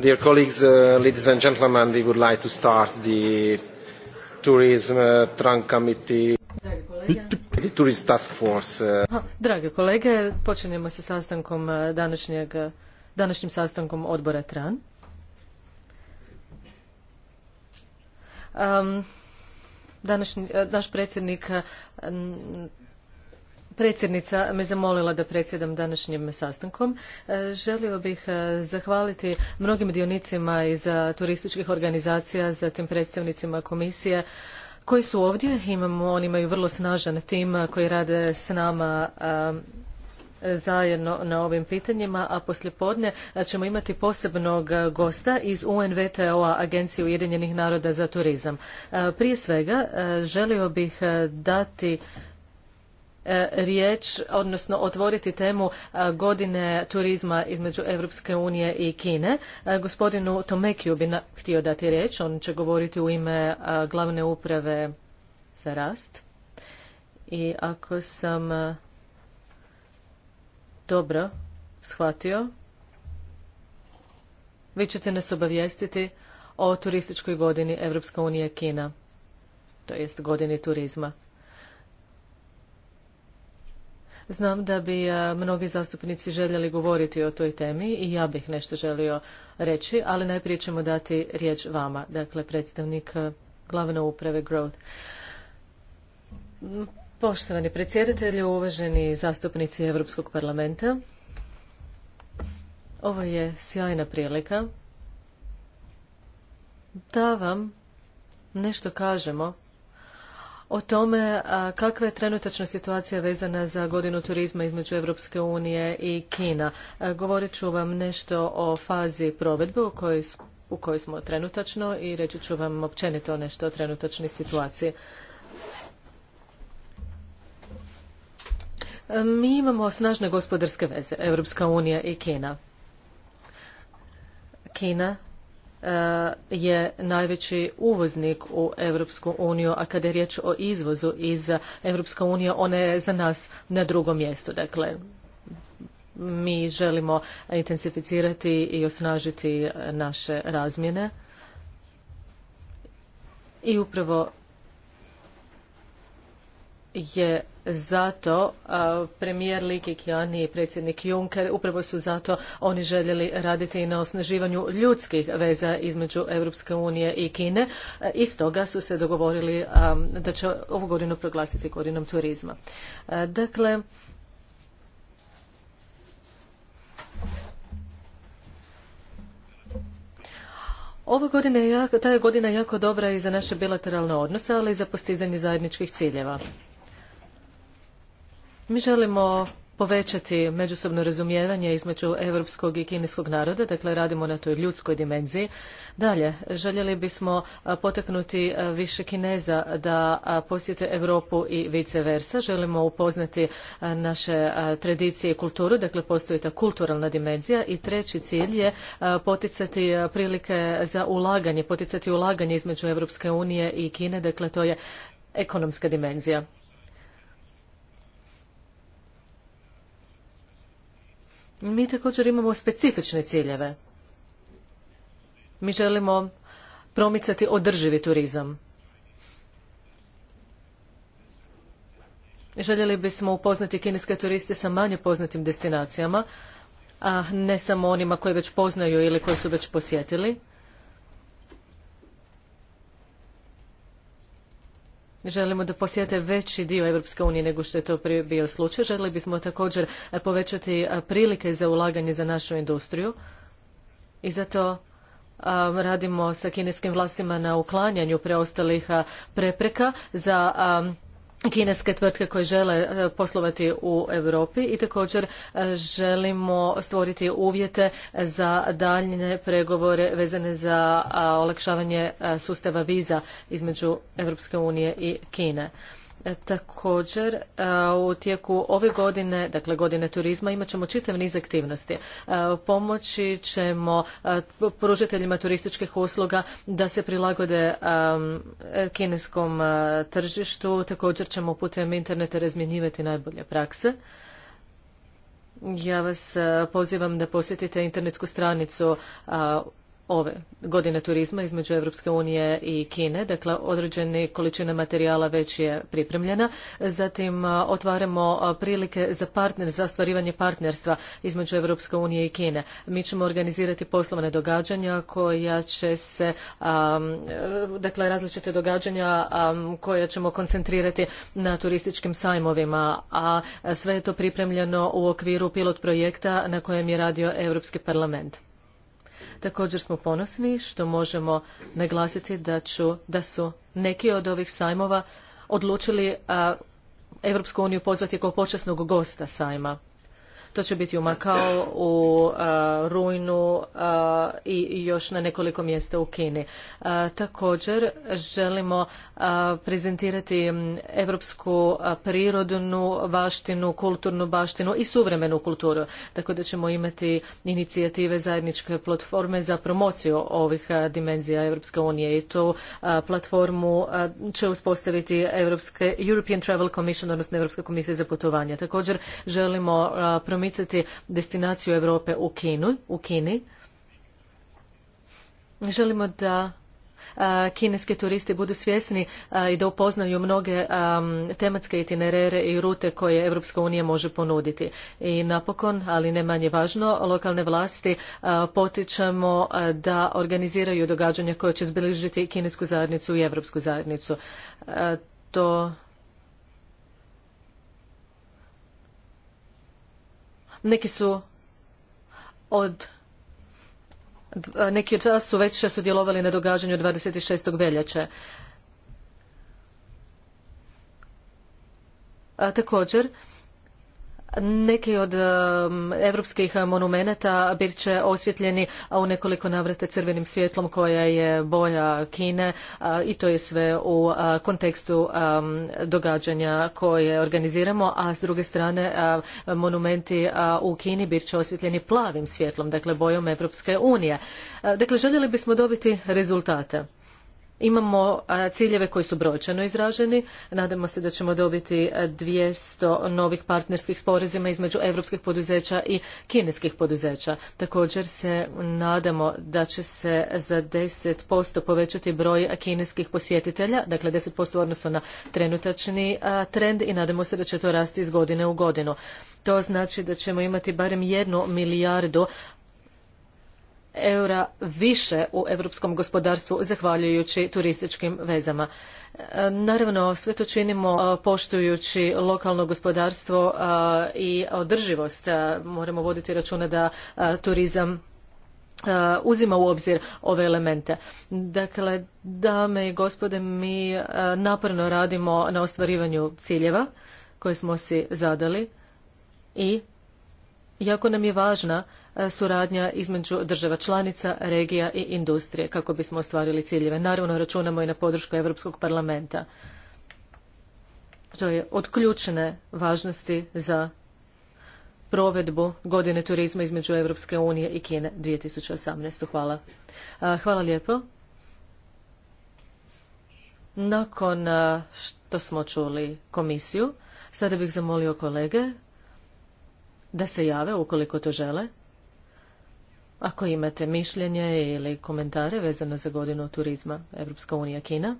Dear colleagues, uh, ladies and gentlemen, we would like to start the tourism uh, trunk committee, the tourist task force. Uh. Drage kolege, počinjemo sa sastankom uh, današnjeg, uh, današnjim sastankom odbora TRAN. Um, današnji, uh, naš predsjednik um, Predsjednica me zamolila da predsjedam današnjim sastankom. E, želio bih e, zahvaliti mnogim dionicima iz e, turističkih organizacija, zatim predstavnicima komisije koji su ovdje. Imamo, oni imaju vrlo snažan tim koji rade s nama zajedno na ovim pitanjima, a poslijepodne ćemo imati posebnog gosta iz UNVTO-a, Agencije Ujedinjenih naroda za turizam. Prije svega, želio bih dati E, riječ, odnosno otvoriti temu e, godine turizma između Europske unije i Kine. E, gospodinu Tomekiju bi htio dati riječ, on će govoriti u ime glavne uprave za rast. I ako sam dobro shvatio, vi ćete nas obavijestiti o turističkoj godini Europska unija Kina, to jest godini turizma. Znam da bi e, mnogi zastupnici željeli govoriti o toj temi i ja bih nešto želio reći, ali najprije ćemo dati riječ vama, dakle predstavnik e, glavne uprave Growth. Poštovani predsjedatelji, uvaženi zastupnici Europskog parlamenta, ovo je sjajna prilika da vam nešto kažemo o tome kakva je trenutačna situacija vezana za godinu turizma između Europske unije i Kina. govorit ću vam nešto o fazi provedbe u kojoj, smo trenutačno i reći ću vam općenito nešto o trenutačnoj situaciji. mi imamo snažne gospodarske veze, Europska unija i Kina. Kina Eh, je najveći uvoznik u Europsku uniju, a kada je riječ o izvozu iz Europske unije, ona je za nas na drugom mjestu. Dakle, mi želimo intensificirati i osnažiti naše razmjene i upravo je zato premijer Liki i predsjednik Juncker upravo su zato oni željeli raditi i na osnaživanju ljudskih veza između Europske unije i Kine i stoga su se dogovorili da će ovu godinu proglasiti godinom turizma. Dakle, Ova ta je godina jako dobra i za naše bilateralne odnose, ali i za postizanje zajedničkih ciljeva. Mi želimo povećati međusobno razumijevanje između europskog i kineskog naroda, dakle radimo na toj ljudskoj dimenziji. Dalje, željeli bismo potaknuti više Kineza da posjete Europu i vice versa. Želimo upoznati naše tradicije i kulturu, dakle postoji ta kulturalna dimenzija. I treći cilj je poticati prilike za ulaganje, poticati ulaganje između Europske unije i Kine, dakle to je ekonomska dimenzija. Mi također imamo specifične ciljeve. Mi želimo promicati održivi turizam. Željeli bismo upoznati kineske turiste sa manje poznatim destinacijama, a ne samo onima koje već poznaju ili koje su već posjetili. Želimo da posjete veći dio Europske unije nego što je to prije bio slučaj. Željeli bismo također e, povećati e, prilike za ulaganje za našu industriju i zato radimo sa kineskim vlastima na uklanjanju preostalih prepreka za kineske tvrtke koje žele e, poslovati u Europi i također e, želimo stvoriti uvjete za daljnje pregovore vezane za olakšavanje e, sustava viza između Europske unije i Kine. E, također, e, u tijeku ove godine, dakle godine turizma, imat ćemo čitav niz aktivnosti. E, pomoći ćemo pružateljima turističkih usluga da se prilagode kineskom tržištu. Također ćemo putem interneta razmjenjivati najbolje prakse. Ja vas pozivam da posjetite internetsku stranicu ove godine turizma između Europske unije i Kine. Dakle, određeni količine materijala već je pripremljena. Zatim otvaramo prilike za partner, za stvarivanje partnerstva između Europske unije i Kine. Mi ćemo organizirati poslovne događanja koja će se, e, dakle, različite događanja koja ćemo koncentrirati na turističkim sajmovima, a sve je to pripremljeno u okviru pilot projekta na kojem je radio Europski parlament. Također smo ponosni što možemo naglasiti da, da su neki od ovih sajmova odlučili Europsku uniju pozvati kao počasnog gosta sajma. To će biti u Makao, u e, Rujnu e, i još na nekoliko mjesta u Kini. E, također želimo prezentirati evropsku prirodnu baštinu, kulturnu baštinu i suvremenu kulturu. Tako da ćemo imati inicijative zajedničke platforme za promociju ovih dimenzija Evropske unije i tu platformu će uspostaviti Evropske, European Travel Commission, odnosno Evropska komisija za putovanje. Također želimo promicati destinaciju Europe u, Kinu, u Kini. Želimo da kineski turisti budu svjesni i da upoznaju mnoge tematske itinerere i rute koje Europska unija može ponuditi. I napokon, ali ne manje važno, lokalne vlasti potičemo da organiziraju događanja koje će zbližiti kinesku zajednicu i europsku zajednicu. To Neki su od neki od vas su već sudjelovali na događanju 26. veljače. A također, neki od evropskih monumenata bit će osvjetljeni u nekoliko navrata crvenim svjetlom koja je boja Kine i to je sve u kontekstu događanja koje organiziramo, a s druge strane monumenti u Kini bit će osvjetljeni plavim svjetlom, dakle bojom Evropske unije. Dakle, željeli bismo dobiti rezultate. Imamo ciljeve koji su brojčano izraženi. Nadamo se da ćemo dobiti 200 novih partnerskih sporazima između europskih poduzeća i kineskih poduzeća. Također se nadamo da će se za 10% povećati broj kineskih posjetitelja, dakle 10% u odnosu na trenutačni trend i nadamo se da će to rasti iz godine u godinu. To znači da ćemo imati barem jednu milijardu eura više u europskom gospodarstvu zahvaljujući turističkim vezama. E, naravno, sve to činimo poštujući lokalno gospodarstvo i održivost. Moramo voditi računa da turizam uzima u obzir ove elemente. Dakle, dame i gospode, mi naporno radimo na ostvarivanju ciljeva koje smo si zadali i jako nam je važna E, suradnja između država članica, regija i industrije kako bismo ostvarili ciljeve. Naravno, računamo i na podršku Europskog parlamenta. To je od ključne važnosti za provedbu godine turizma između Europske unije i Kine 2018. Hvala. Hvala lijepo. Nakon što smo čuli komisiju, sada bih zamolio kolege da se jave ukoliko to žele. Ako imate mišljenje ili komentare vezano za godinu turizma Evropska unija Kina.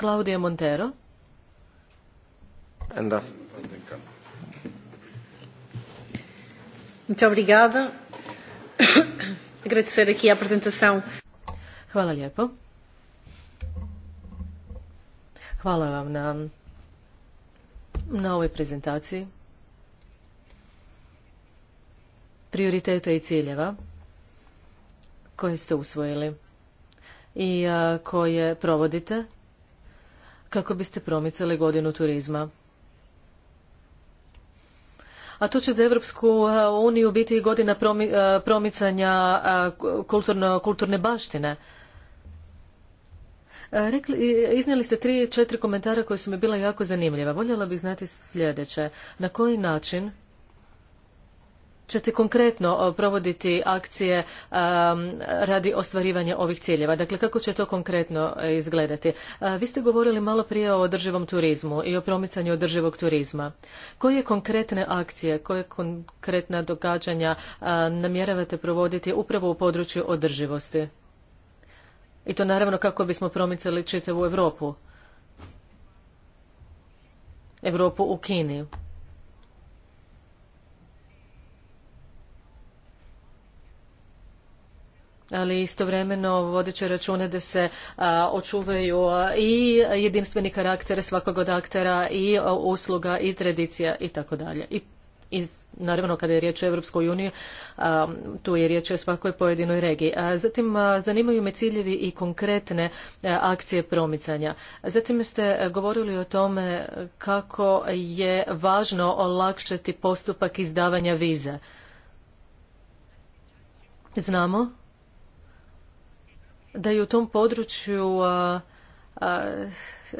Claudia Montero. Muito obrigada. Agradecer aqui a apresentação. Hvala lijepo. Hvala vam na, na ovoj prezentaciji. prioriteta i ciljeva koje ste usvojili i koje provodite kako biste promicali godinu turizma. A to će za Evropsku uniju biti i godina promicanja kulturno, kulturne baštine. iznijeli ste tri, četiri komentara koje su mi bila jako zanimljiva. Voljela bih znati sljedeće. Na koji način ćete konkretno provoditi akcije radi ostvarivanja ovih ciljeva? Dakle, kako će to konkretno e, izgledati? Vi ste govorili malo prije o održivom turizmu i o promicanju održivog turizma. Koje konkretne akcije, koje konkretna događanja namjeravate provoditi upravo u području održivosti? I to naravno kako bismo promicali čitavu Europu. Europu u Kini. ali istovremeno vodeći će račune da se očuvaju i jedinstveni karakter svakog od aktera i usluga i tradicija i tako dalje. I naravno kada je riječ o Europskoj uniji, tu je riječ o svakoj pojedinoj regiji. zatim zanimaju me ciljevi i konkretne akcije promicanja. Zatim ste govorili o tome kako je važno olakšati postupak izdavanja vize. Znamo da je u tom području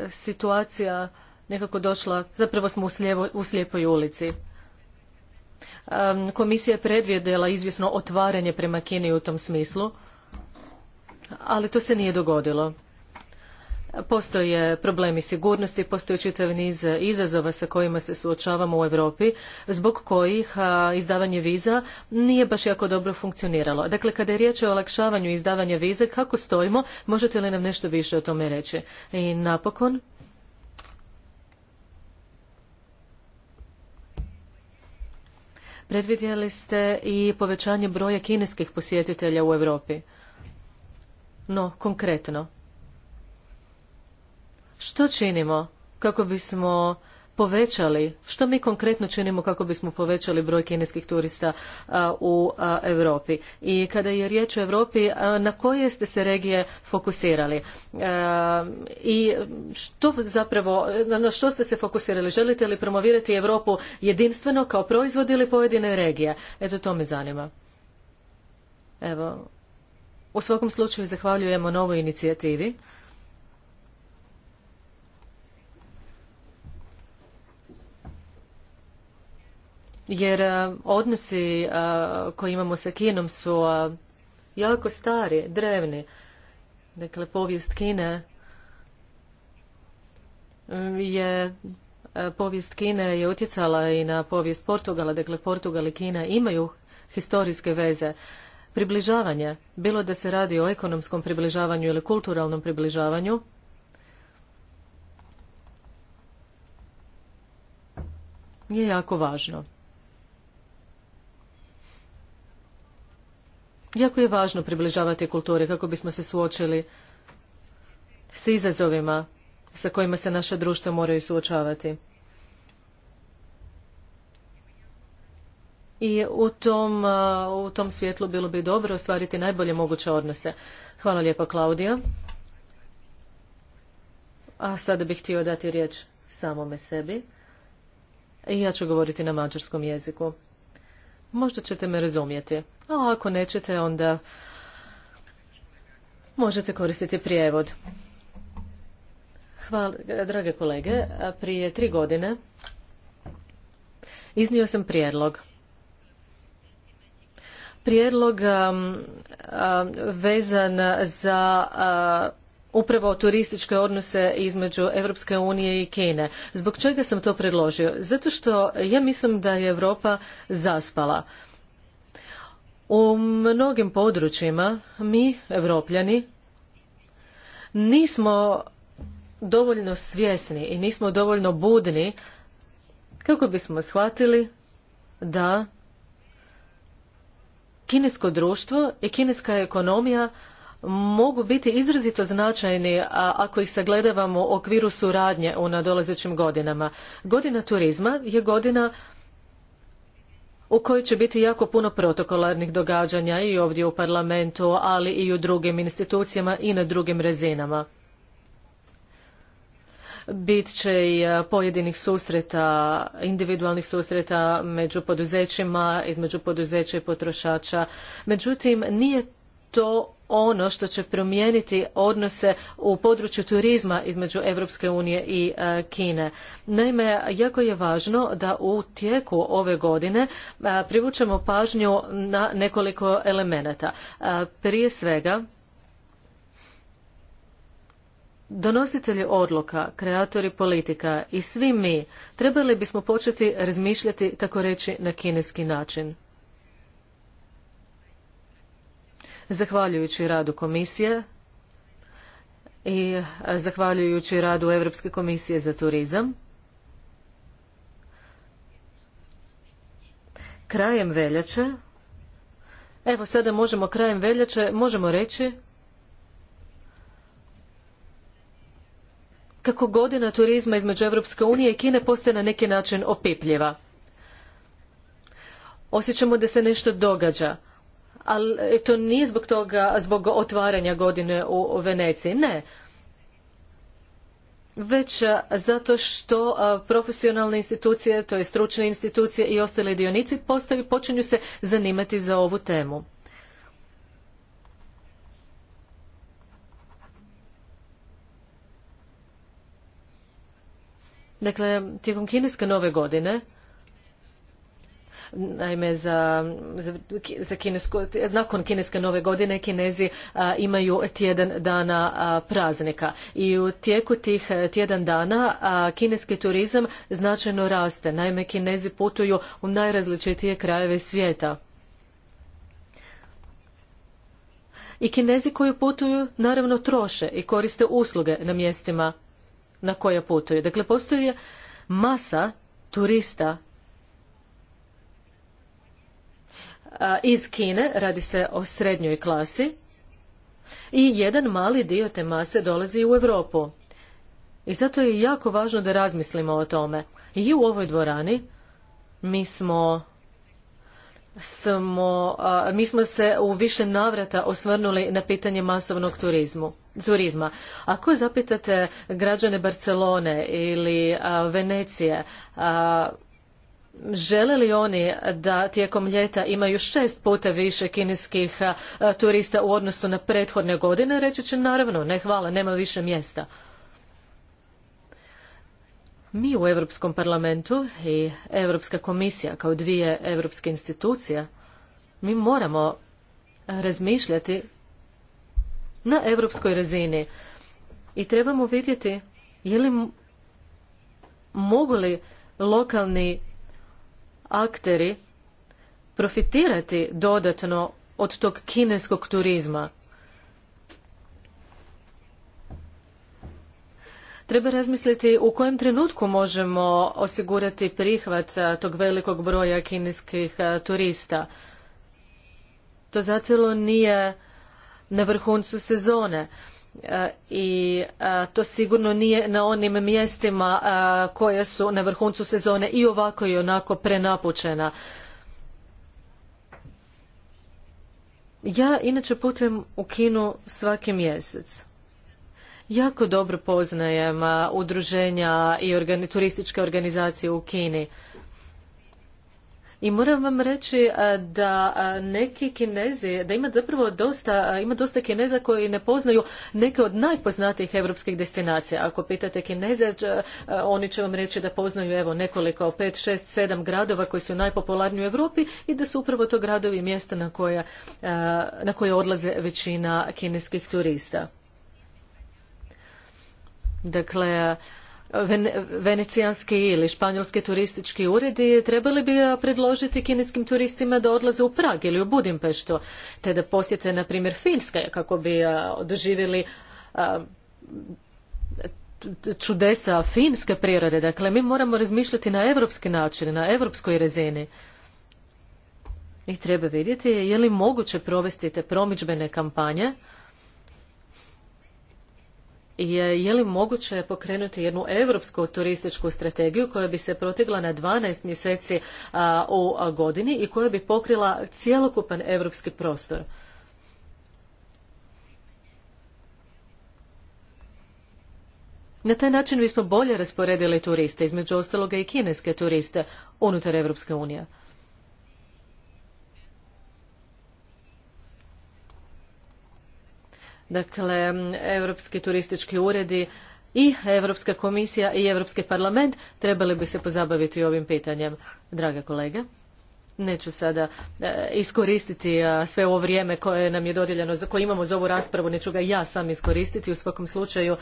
situacija nekako došla, zapravo smo u, u slijepoj ulici. komisija je predvidjela izvjesno otvaranje prema Kini u tom smislu, ali to se nije dogodilo. Postoje problemi sigurnosti, postoje čitav niz izazova sa kojima se suočavamo u Europi, zbog kojih izdavanje viza nije baš jako dobro funkcioniralo. Dakle, kada je riječ o olakšavanju izdavanja vize, kako stojimo, možete li nam nešto više o tome reći? I napokon, predvidjeli ste i povećanje broja kineskih posjetitelja u Europi. No, konkretno, što činimo kako bismo povećali, što mi konkretno činimo kako bismo povećali broj kineskih turista u Europi? I kada je riječ o Europi, na koje ste se regije fokusirali? I što zapravo, na što ste se fokusirali? Želite li promovirati Europu jedinstveno kao proizvod ili pojedine regije? Eto, to me zanima. Evo, u svakom slučaju zahvaljujemo novoj inicijativi. jer e, odnosi e, koje imamo sa Kinom su e, jako stari, drevni. Dakle, povijest Kine mm, je povijest Kine je utjecala i na povijest Portugala. Dakle, Portugal i Kina imaju historijske veze. Približavanje, bilo da se radi o ekonomskom približavanju ili kulturalnom približavanju, je jako važno. Jako je važno približavati kulturi kako bismo se suočili s izazovima sa kojima se naša društva moraju suočavati. I u tom, u tom svjetlu bilo bi dobro ostvariti najbolje moguće odnose. Hvala lijepa, Klaudija. A sada bih htio dati riječ samome sebi. I ja ću govoriti na mađarskom jeziku. Možda ćete me razumjeti a ako nećete onda možete koristiti prijevod. Hvala, drage kolege, prije tri godine iznio sam prijedlog. Prijedlog um, um, vezan za uh, upravo turističke odnose između Europske unije i Kine. Zbog čega sam to predložio? Zato što ja mislim da je Europa zaspala. U mnogim područjima mi, Evropljani, nismo dovoljno svjesni i nismo dovoljno budni kako bismo shvatili da kinesko društvo i kineska ekonomija mogu biti izrazito značajni ako ih sagledavamo u okviru suradnje u nadolazećim godinama. Godina turizma je godina u kojoj će biti jako puno protokolarnih događanja i ovdje u parlamentu, ali i u drugim institucijama i na drugim razinama. Bit će i e, pojedinih susreta, individualnih susreta među poduzećima, između poduzeća i potrošača. Međutim, nije to ono što će promijeniti odnose u području turizma između Europske unije i e, Kine. Naime, jako je važno da u tijeku ove godine e, privučemo pažnju na nekoliko elemenata. E, prije svega, Donositelji odluka, kreatori politika i svi mi trebali bismo početi razmišljati tako reći na kineski način. Zahvaljujući radu komisije i zahvaljujući radu Europske komisije za turizam, krajem veljače, evo sada možemo krajem veljače, možemo reći kako godina turizma između Europske unije i Kine postaje na neki način opipljiva. Osjećamo da se nešto događa, ali e, to nije zbog toga, zbog otvaranja godine u Veneciji, ne. Već e, zato što e, profesionalne institucije, to je stručne institucije i ostale dionici počinju se zanimati za ovu temu. Dakle, tijekom kineske nove godine Naime, za, za, nakon kineske nove godine kinezi imaju tjedan dana praznika i u tijeku tih e, tjedan dana kineski turizam značajno raste. Naime, kinezi putuju u najrazličitije krajeve svijeta. I kinezi koji putuju naravno troše i koriste usluge na mjestima na koja putuju. Dakle, postoji masa turista iz Kine, radi se o srednjoj klasi, i jedan mali dio te mase dolazi u Europu. I zato je jako važno da razmislimo o tome. I u ovoj dvorani mi smo smo, mi smo se u više navrata osvrnuli na pitanje masovnog turizmu, turizma. Ako zapitate građane Barcelone ili Venecije, a, Žele li oni da tijekom ljeta imaju šest puta više kineskih turista u odnosu na prethodne godine? Reći će naravno, ne hvala, nema više mjesta. Mi u Europskom parlamentu i Europska komisija kao dvije europske institucije, mi moramo razmišljati na europskoj razini i trebamo vidjeti je li mogu li lokalni akteri profitirati dodatno od tog kineskog turizma? Treba razmisliti u kojem trenutku možemo osigurati prihvat tog velikog broja kineskih turista. To zacelo nije na vrhuncu sezone i e, to sigurno nije na onim mjestima e, koje su na vrhuncu sezone i ovako i onako prenapučena. Ja inače putujem u Kinu svaki mjesec. Jako dobro poznajem e, udruženja i turističke organizacije u Kini. I moram vam reći e, da e, neki kinezi, da ima zapravo dosta, e, ima dosta kineza koji ne poznaju neke od najpoznatijih europskih destinacija. Ako pitate kineze, oni će vam reći da poznaju evo nekoliko, pet, šest, sedam gradova koji su najpopularniji u Europi i da su upravo to gradovi i mjesta na koje, na koje odlaze većina kineskih turista. Dakle, venecijanski ili španjolski turistički uredi trebali bi predložiti kineskim turistima da odlaze u Prag ili u Budimpeštu, te da posjete, na primjer, Finske kako bi doživjeli čudesa finske prirode. Dakle, mi moramo razmišljati na europski način, na europskoj razini. I treba vidjeti je li moguće provesti te promidžbene kampanje je, je li moguće pokrenuti jednu europsku turističku strategiju koja bi se protegla na 12 mjeseci u godini i koja bi pokrila cjelokupan europski prostor? Na taj način bismo bolje rasporedili turiste, između ostaloga i kineske turiste, unutar Europske unije. dakle europski turistički uredi i Europska komisija i Europski parlament trebali bi se pozabaviti ovim pitanjem, drage kolege. Neću sada e, iskoristiti e, sve ovo vrijeme koje nam je dodijeljeno, za koje imamo za ovu raspravu, neću ga ja sam iskoristiti. U svakom slučaju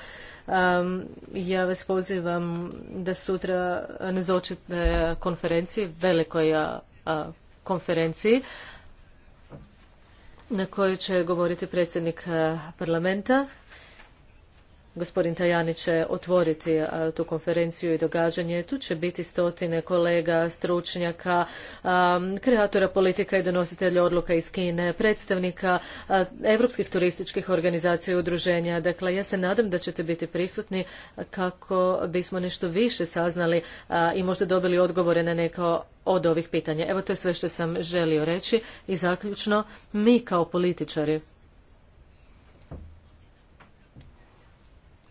ja vas pozivam da sutra nazočite konferenciji, velikoj konferenciji na kojoj će govoriti predsjednik eh, parlamenta. Gospodin Tajani će otvoriti tu konferenciju i događanje. Tu će biti stotine kolega, stručnjaka, kreatora politika i donositelja odluka iz Kine, predstavnika evropskih turističkih organizacija i udruženja. Dakle, ja se nadam da ćete biti prisutni kako bismo nešto više saznali i možda dobili odgovore na neko od ovih pitanja. Evo to je sve što sam želio reći i zaključno mi kao političari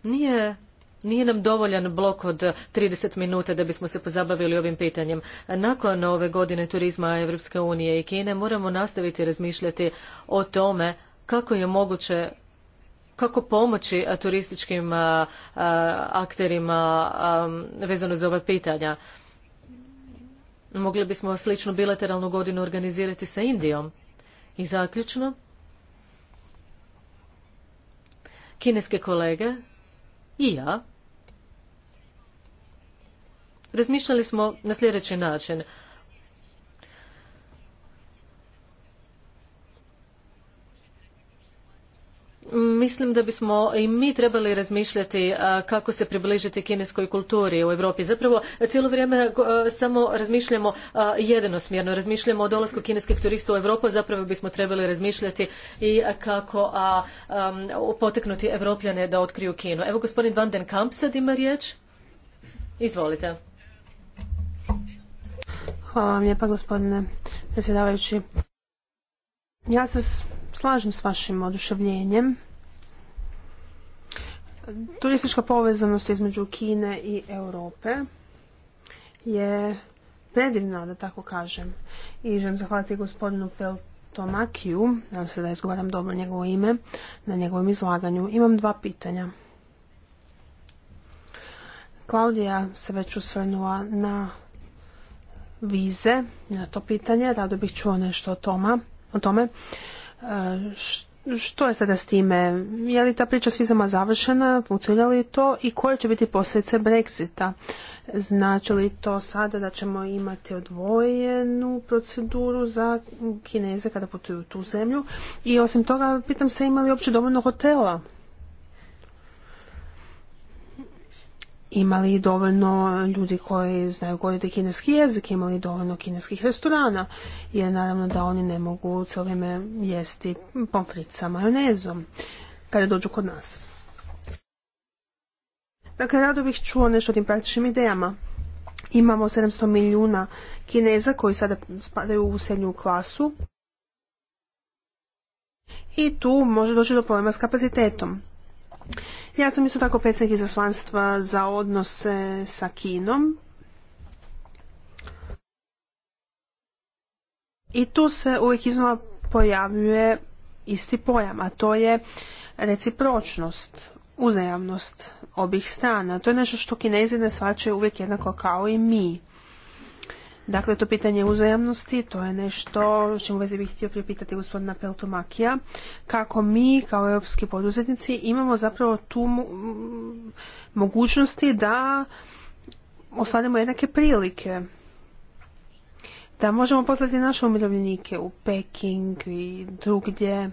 Nije nam dovoljan blok od 30 minuta da bismo se pozabavili ovim pitanjem. Nakon ove godine turizma EU unije i Kine moramo nastaviti razmišljati o tome kako je moguće kako pomoći turističkim akterima vezano za ova pitanja. Mogli bismo sličnu bilateralnu godinu organizirati sa Indijom. I zaključno, kineske kolege i ja razmišljali smo na sljedeći način Mislim da bismo i mi trebali razmišljati kako se približiti kineskoj kulturi u Europi. Zapravo cijelo vrijeme samo razmišljamo jednosmjerno, razmišljamo o dolasku kineskih turista u Europu, zapravo bismo trebali razmišljati i kako a, poteknuti Europljane da otkriju Kinu. Evo gospodin Van den Kamp sad ima riječ. Izvolite. Hvala vam lijepa gospodine predsjedavajući. Ja se slažem s vašim oduševljenjem. Turistička povezanost između Kine i Europe je predivna, da tako kažem. I želim zahvaliti gospodinu Peltomakiju, nadam se da izgovaram dobro njegovo ime, na njegovom izlaganju. Imam dva pitanja. Klaudija se već usvrnula na vize, na to pitanje. Rado bih čuo nešto toma, o tome. Što je sada s time? Je li ta priča s vizama završena? Funkcionira li to? I koje će biti posljedice Brexita? Znači li to sada da ćemo imati odvojenu proceduru za Kineze kada putuju u tu zemlju? I osim toga, pitam se ima li uopće dovoljno hotela imali dovoljno ljudi koji znaju govoriti kineski jezik, imali dovoljno kineskih restorana, jer naravno da oni ne mogu cijelo vrijeme jesti pomfrit sa majonezom kada dođu kod nas. Dakle, rado bih čuo nešto o tim praktičnim idejama. Imamo 700 milijuna kineza koji sada spadaju u srednju klasu i tu može doći do problema s kapacitetom. Ja sam isto tako predsjednik izaslanstva za odnose sa Kinom. I tu se uvijek iznova pojavljuje isti pojam, a to je recipročnost, uzajamnost obih strana. To je nešto što kinezi ne svačaju uvijek jednako kao i mi. Dakle, to pitanje uzajamnosti, to je nešto čemu vezi bih htio pripitati gospodina Peltomakija, kako mi kao europski poduzetnici imamo zapravo tu mogućnosti da ostvarimo jednake prilike da možemo poslati naše umirovljenike u Peking i drugdje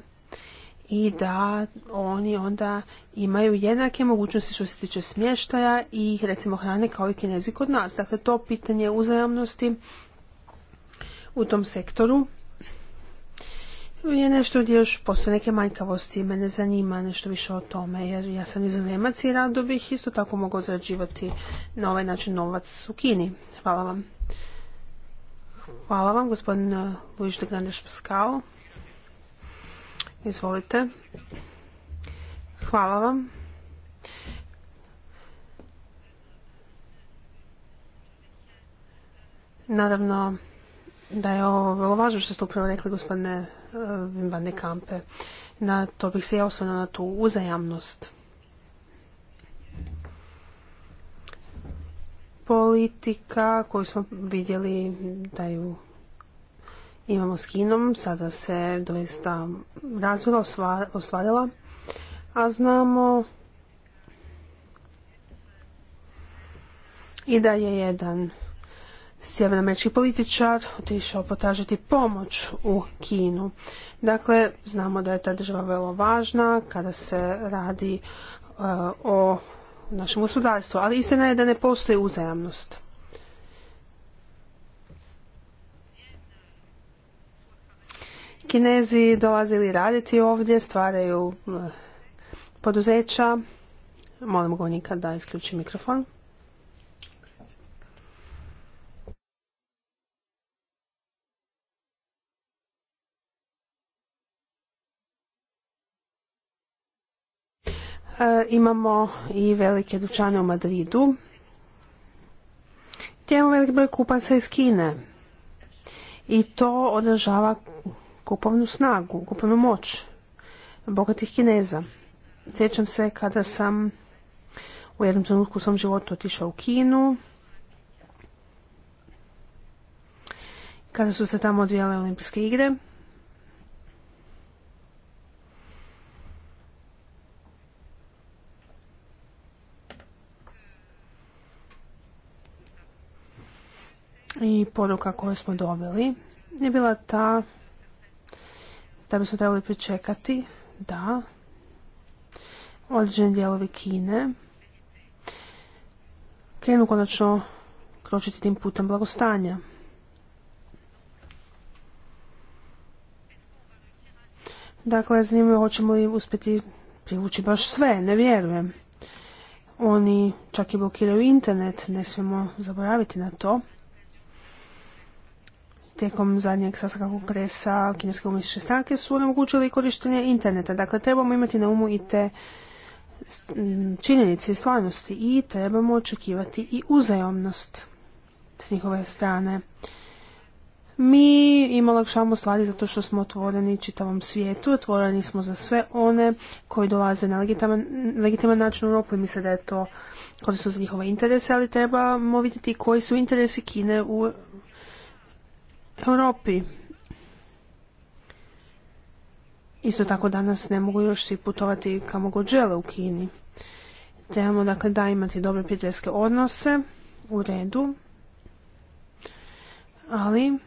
i da oni onda imaju jednake mogućnosti što se tiče smještaja i recimo hrane kao i kinezi kod nas. Dakle, to pitanje uzajamnosti u tom sektoru je nešto gdje još postoje neke manjkavosti mene zanima nešto više o tome jer ja sam izuzemac i rado bih isto tako mogao zarađivati na ovaj način novac u Kini. Hvala vam. Hvala vam, gospodin Luiš Izvolite. Hvala vam. Naravno da je ovo vrlo važno što ste upravo rekli gospodine eh, Van Kampe. Na to bih se ja osvrnula na tu uzajamnost. Politika koju smo vidjeli da ju imamo s Kinom, sada se doista razvila, ostvarila, a znamo i da je jedan sjevernoamerički političar otišao potražiti pomoć u Kinu. Dakle, znamo da je ta država vrlo važna kada se radi e, o našem gospodarstvu, ali istina je da ne postoji uzajamnost. Kinezi dolazili raditi ovdje, stvaraju eh, poduzeća. Molim govornika da isključi mikrofon. Eh, imamo i velike dućane u Madridu. Gdje imamo velik broj kupaca iz Kine. I to održava kupovnu snagu, kupovnu moć bogatih Kineza. Sjećam se kada sam u jednom trenutku u svom životu otišao u Kinu, kada su se tamo odvijale olimpijske igre. I poruka koju smo dobili je bila ta da bi su trebali pričekati da određeni dijelovi Kine krenu konačno kročiti tim putem blagostanja. Dakle, zanimljivo hoćemo li uspjeti privući baš sve, ne vjerujem. Oni čak i blokiraju internet, ne smijemo zaboraviti na to tijekom zadnjeg sastanka kongresa Kineske umjetničke stranke su onemogućili korištenje interneta. Dakle, trebamo imati na umu i te činjenice i stvarnosti i trebamo očekivati i uzajomnost s njihove strane. Mi im olakšavamo stvari zato što smo otvoreni čitavom svijetu, otvoreni smo za sve one koji dolaze na legitiman, legitiman način u Europu i misle da je to korisno za njihove interese, ali trebamo vidjeti koji su interesi Kine u Europi. Isto tako danas ne mogu još svi putovati kamo god žele u Kini. Trebamo dakle da imati dobre prijateljske odnose u redu, ali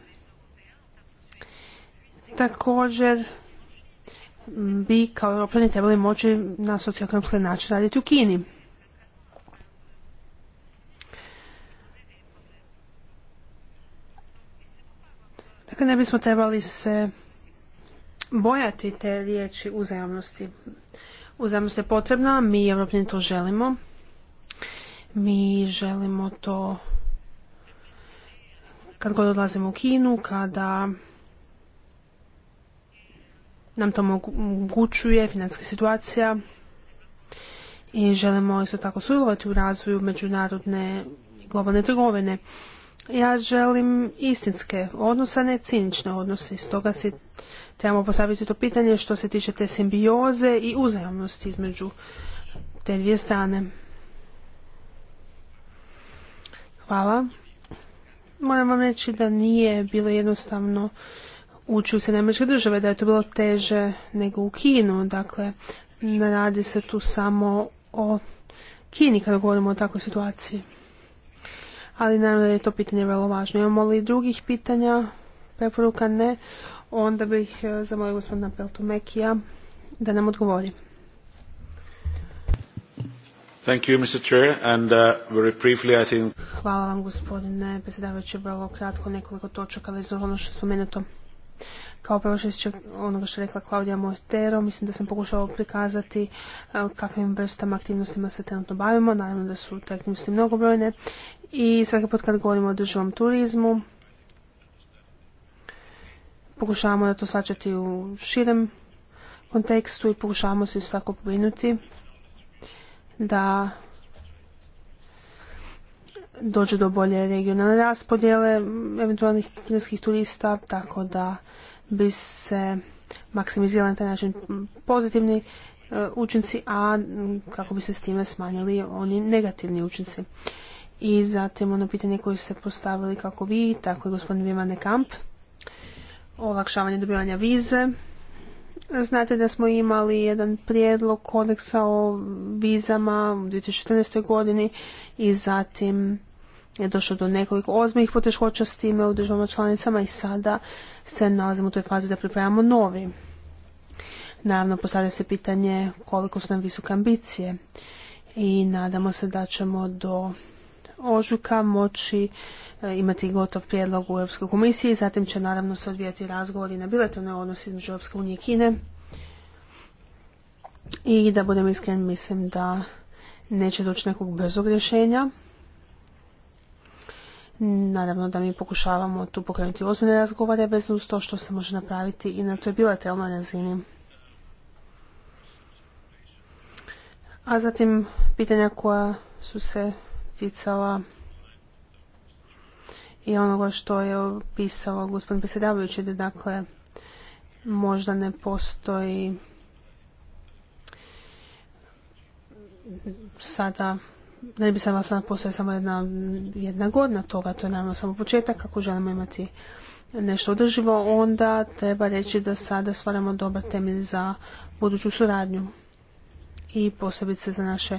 također bi kao europljani trebali moći na socioekonomski način raditi u Kini. Dakle, ne bismo trebali se bojati te riječi uzajamnosti. Uzajamnost je potrebna, mi Evropljani to želimo. Mi želimo to kad god odlazimo u Kinu, kada nam to mogućuje, financijska situacija i želimo isto tako sudjelovati u razvoju međunarodne i globalne trgovine. Ja želim istinske odnose, a ne cinične odnose. Stoga si trebamo postaviti to pitanje što se tiče te simbioze i uzajamnosti između te dvije strane. Hvala. Moram vam reći da nije bilo jednostavno ući u Sjedinjene države, da je to bilo teže nego u Kinu. Dakle, ne radi se tu samo o Kini kada govorimo o takvoj situaciji ali naravno da je to pitanje vrlo važno. Imamo li drugih pitanja? Preporuka ne. Onda bih e, zamolio gospodina Peltomekija da nam odgovori. Thank you, Mr. Chair, and, uh, very briefly, I think... Hvala vam gospodine predsjedavajući, vrlo kratko nekoliko točaka vezano ono što je spomenuto. Kao prvo je onoga što je rekla Klaudija Mortero, mislim da sam pokušala prikazati e, kakvim vrstama aktivnostima se trenutno bavimo. Naravno da su te aktivnosti mnogobrojne. I svaki put kad govorimo o državom turizmu, pokušavamo da to slačati u širem kontekstu i pokušavamo se isto tako pobrinuti da dođe do bolje regionalne raspodjele eventualnih kineskih turista, tako da bi se maksimizirali na taj način pozitivni e, učinci, a kako bi se s time smanjili oni negativni učinci. I zatim ono pitanje koje ste postavili kako vi, tako i gospodin Vimane Kamp, olakšavanje dobivanja vize. Znate da smo imali jedan prijedlog kodeksa o vizama u 2014. godini i zatim je došlo do nekoliko ozbiljnih poteškoća s time u državama članicama i sada se nalazimo u toj fazi da pripremamo novi. Naravno, postavlja se pitanje koliko su nam visoke ambicije i nadamo se da ćemo do ožujka moći e, imati gotov prijedlog u Europskoj komisiji, zatim će naravno se odvijati razgovori na bilateralne odnose između Europske unije i Kine. I da budem iskren, mislim da neće doći nekog brzog rješenja, Naravno da mi pokušavamo tu pokrenuti ozbiljne razgovore bez uz to što se može napraviti i na toj bilateralnoj razini. A zatim pitanja koja su se ticala i onoga što je opisao gospodin predsjedavajući, da dakle možda ne postoji sada ne bi sam vas postoje samo jedna, jedna godina toga, to je naravno samo početak, ako želimo imati nešto održivo, onda treba reći da sada stvaramo dobar temelj za buduću suradnju. I posebice za naše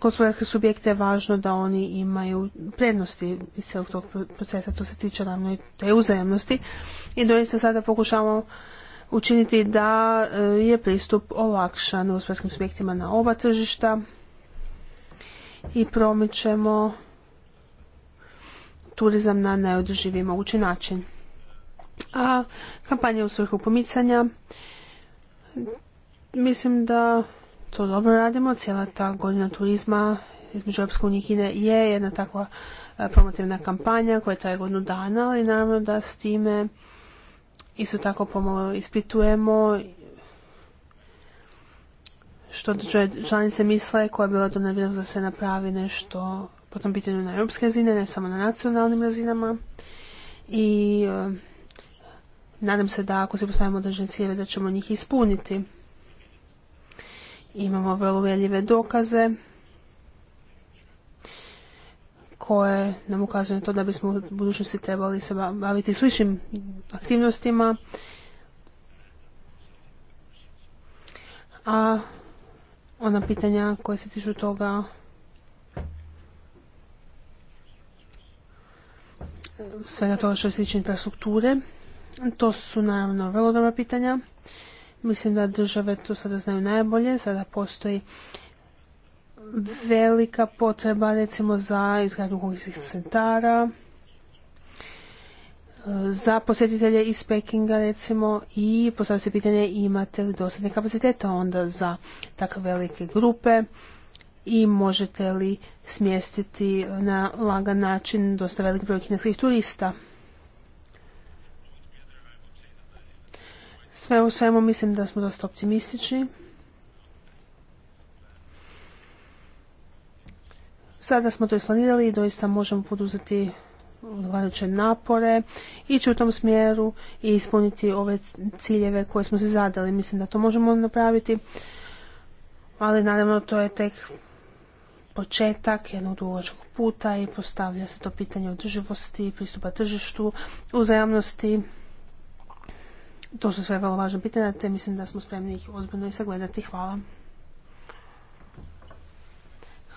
gospodarske subjekte je važno da oni imaju prednosti iz cijelog tog procesa, to se tiče naravno i te uzajemnosti. I doista sada pokušavamo učiniti da e, je pristup olakšan gospodarskim subjektima na oba tržišta, i promičemo turizam na neodrživi mogući način. A kampanja u svrhu pomicanja, mislim da to dobro radimo, cijela ta godina turizma između Europske unije Kine je jedna takva e, promotivna kampanja koja traje godinu dana, ali naravno da s time isto tako pomalo ispitujemo što članice misle koja je bila donavljena da se napravi nešto po tom pitanju na europske razine, ne samo na nacionalnim razinama. I eh, nadam se da ako se postavimo određene ciljeve da ćemo njih ispuniti. Imamo vrlo veljive dokaze koje nam ukazuju na to da bismo u budućnosti trebali se baviti sličnim aktivnostima. A ona pitanja koja se tiču toga svega toga što se tiče infrastrukture. To su naravno vrlo dobra pitanja. Mislim da države to sada znaju najbolje. Sada postoji velika potreba recimo za izgradnju ovih centara, za posjetitelje iz Pekinga recimo i postavlja se pitanje imate li dosadne kapaciteta onda za takve velike grupe i možete li smjestiti na lagan način dosta velik broj kineskih turista. Sve u svemu mislim da smo dosta optimistični. Sada smo to isplanirali i doista možemo poduzeti odgovarajuće napore, ići u tom smjeru i ispuniti ove ciljeve koje smo se zadali. Mislim da to možemo napraviti, ali naravno to je tek početak jednog dugočkog puta i postavlja se to pitanje održivosti, pristupa tržištu, uzajamnosti. To su sve vrlo važne pitanja, te mislim da smo spremni ih ozbiljno i sagledati. Hvala.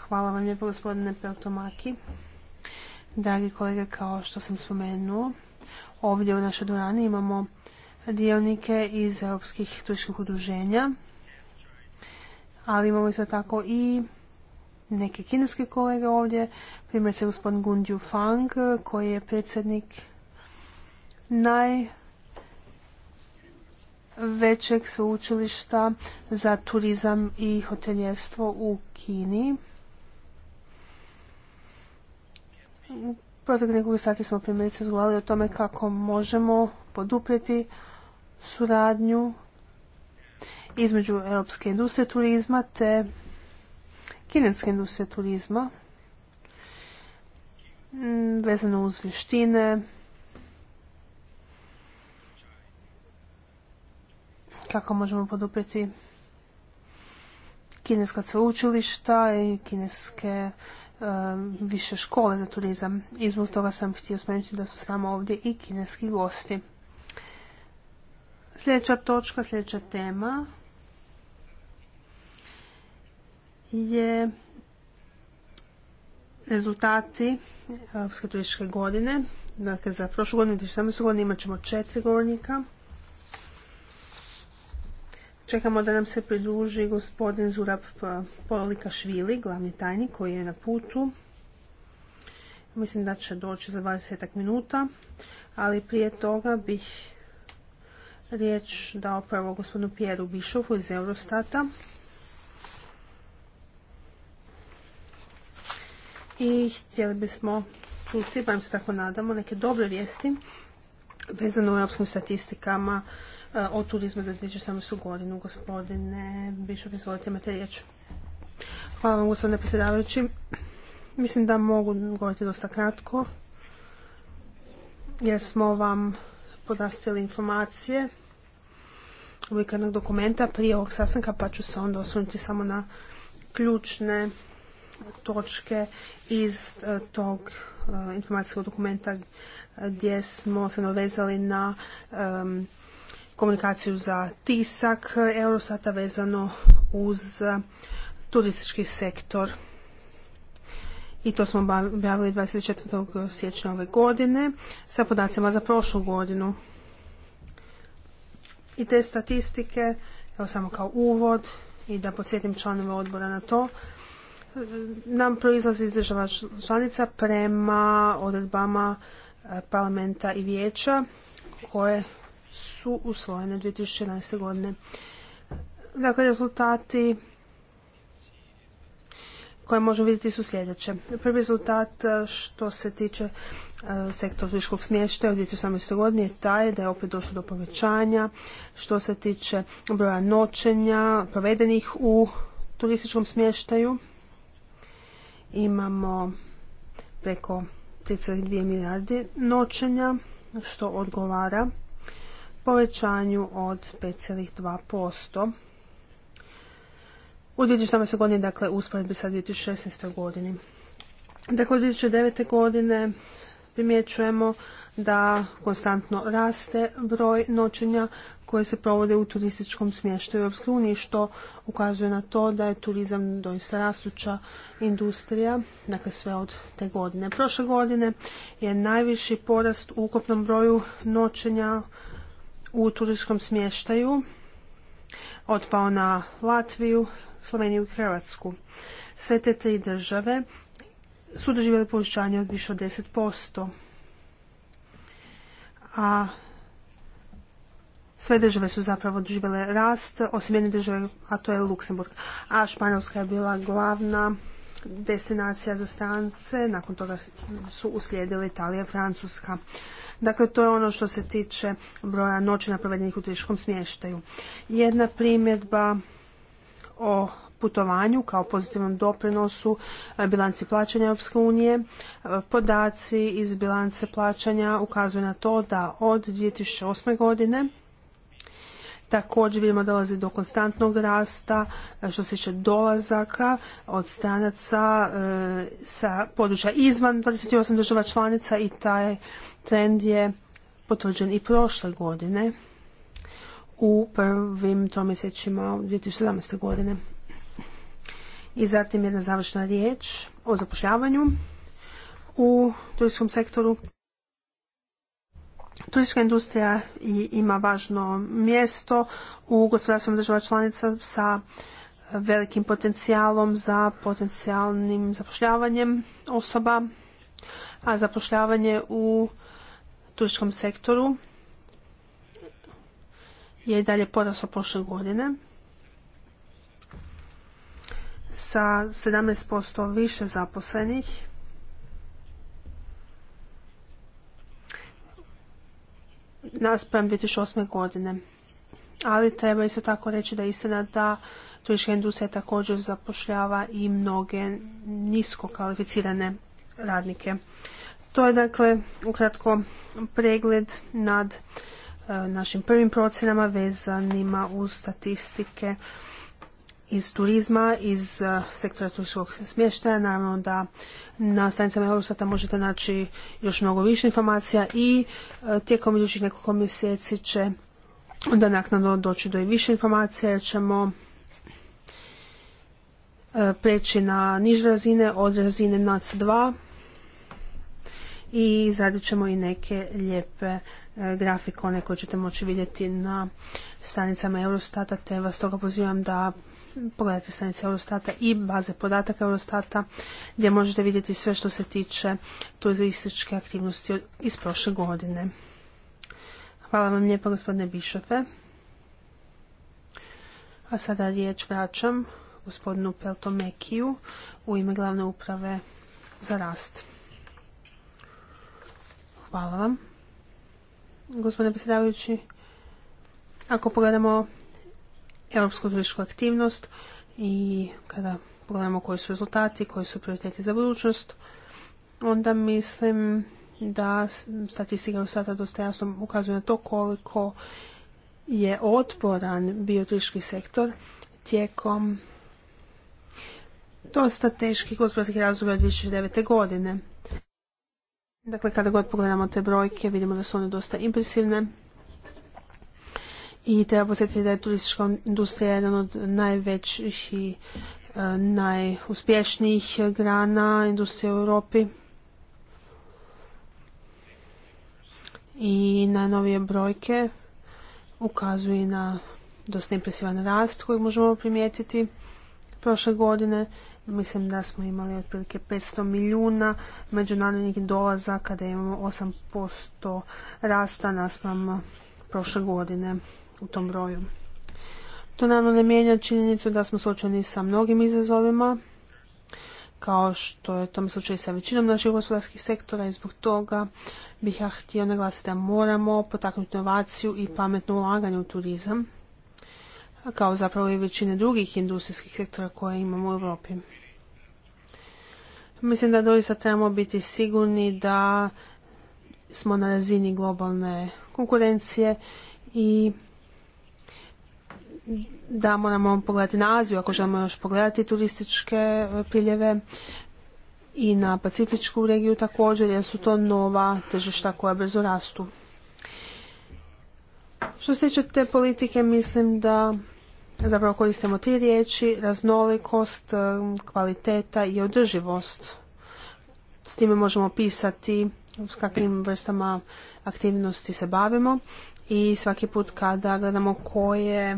Hvala vam lijepo gospodine Peltomaki. Dragi kolege, kao što sam spomenuo, ovdje u našoj dvorani imamo dionike iz europskih turističkih udruženja, ali imamo isto tako i neke kineske kolege ovdje, primjerice gospodin Gun Fang, koji je predsjednik naj većeg sveučilišta za turizam i hoteljerstvo u Kini. U proteklih nekoliko sati smo primjerice razgovarali o tome kako možemo poduprijeti suradnju između europske industrije turizma te kineske industrije turizma vezano uz vještine, kako možemo poduprijeti kineska sveučilišta i kineske E, više škole za turizam i zbog toga sam htio spomenuti da su s nama ovdje i kineski gosti. Sljedeća točka, sljedeća tema je rezultati Europske turističke godine. Dakle, za prošlu godinu i 2017. godinu imat ćemo četiri govornika. Čekamo da nam se pridruži gospodin Zurab Polika Švili, glavni tajnik koji je na putu. Mislim da će doći za 20 minuta, ali prije toga bih riječ dao prvo gospodinu Pjeru Bišovu iz Eurostata. I htjeli bismo čuti, barem se tako nadamo, neke dobre vijesti vezano u europskim statistikama E, o turizmu za 2018. godinu. Gospodine Bišov, izvolite, imate riječ. Hvala vam, gospodine predsjedavajući. Mislim da mogu govoriti dosta kratko, jer smo vam podastili informacije jednog dokumenta prije ovog sastanka, pa ću se onda osvrnuti samo na ključne točke iz e, tog e, informacijskog dokumenta gdje smo se navezali na komunikaciju za tisak Eurostata vezano uz e, turistički sektor. I to smo objavili 24. siječnja ove godine sa podacima za prošlu godinu. I te statistike, evo samo kao uvod i da podsjetim članove odbora na to, nam proizlazi iz država članica prema odredbama e, parlamenta i vijeća koje su usvojene 2011. godine. Dakle, rezultati koje možemo vidjeti su sljedeće. Prvi rezultat e, što se tiče e, sektor turističkog smještaja u 2018. godini je taj da je opet došlo do povećanja što se tiče broja noćenja provedenih u turističkom smještaju. Imamo preko 32 milijardi noćenja što odgovara povećanju od 5,2%. U 2017. godini, dakle, usporedbi sa 2016. godini. Dakle, u 2009. godine primjećujemo da konstantno raste broj noćenja koje se provode u turističkom smještaju Europske unije, što ukazuje na to da je turizam doista rastuća industrija, dakle sve od te godine. Prošle godine je najviši porast u ukupnom broju noćenja u turističkom smještaju otpao na Latviju, Sloveniju i Hrvatsku. Sve te tri države su doživjeli povećanje od više od 10%. A sve države su zapravo doživjele rast, osim jedne države, a to je Luksemburg. A Španjolska je bila glavna destinacija za strance, nakon toga su uslijedile Italija i Francuska. Dakle, to je ono što se tiče broja noćenja provedenih u turističkom smještaju. Jedna primjedba o putovanju kao pozitivnom doprinosu e, bilanci plaćanja Europske unije. E, podaci iz bilance plaćanja ukazuju na to da od 2008. godine Također vidimo dolazi do konstantnog rasta e, što se tiče dolazaka od stranaca sa područja izvan 28 država članica i taj trend je potvrđen i prošle godine u prvim tromjesečima 2017. godine. I zatim jedna završna riječ o zapošljavanju u turističkom sektoru. Turistička industrija ima važno mjesto u gospodarstvom država članica sa velikim potencijalom za potencijalnim zapošljavanjem osoba, a zapošljavanje u turičkom sektoru je i dalje porasao prošle godine sa 17% više zaposlenih naspram 2008. godine. Ali treba isto tako reći da je istina da turistička industrija također zapošljava i mnoge nisko kvalificirane radnike. To je dakle ukratko pregled nad e, našim prvim procenama vezanima uz statistike iz turizma, iz e, sektora turističkog smještaja. Naravno da na stanicama Eurostata možete naći još mnogo više informacija i e, tijekom idućih nekoliko mjeseci će onda naknadno doći do i više informacija jer ćemo preći na niže razine od razine NAC2 i izradit ćemo i neke lijepe e, grafikone koje ćete moći vidjeti na stranicama Eurostata, te vas toga pozivam da pogledate stranice Eurostata i baze podataka Eurostata gdje možete vidjeti sve što se tiče turističke aktivnosti iz prošle godine. Hvala vam lijepo gospodine Bišofe. A sada riječ vraćam gospodinu Peltomekiju u ime glavne uprave za rast. Hvala vam. Gospodine predsjedavajući, ako pogledamo europsku turističku aktivnost i kada pogledamo koji su rezultati, koji su prioriteti za budućnost, onda mislim da statistika u sada dosta jasno ukazuje na to koliko je otporan bio turistički sektor tijekom dosta teških gospodarskih razdoblja od 2009. godine. Dakle, kada god pogledamo te brojke, vidimo da su one dosta impresivne. I treba posjetiti da je turistička industrija jedan od najvećih i e, najuspješnijih grana industrije u Europi. I najnovije brojke ukazuju na dosta impresivan rast koji možemo primijetiti prošle godine Mislim da smo imali otprilike 500 milijuna međunarodnih dolaza kada imamo 8% rasta naspram prošle godine u tom broju. To naravno ne mijenja činjenicu da smo suočeni sa mnogim izazovima, kao što je tom slučaju sa većinom naših gospodarskih sektora i zbog toga bih ja htio naglasiti da moramo potaknuti inovaciju i pametno ulaganje u turizam kao zapravo i većine drugih industrijskih sektora koje imamo u Europi. Mislim da doista trebamo biti sigurni da smo na razini globalne konkurencije i da moramo pogledati na Aziju ako želimo još pogledati turističke e, piljeve i na pacifičku regiju također jer su to nova tržišta koja brzo rastu. Što se tiče te politike mislim da zapravo koristimo tri riječi, raznolikost, e, kvaliteta i održivost. S time možemo pisati s kakvim vrstama aktivnosti se bavimo i svaki put kada gledamo koje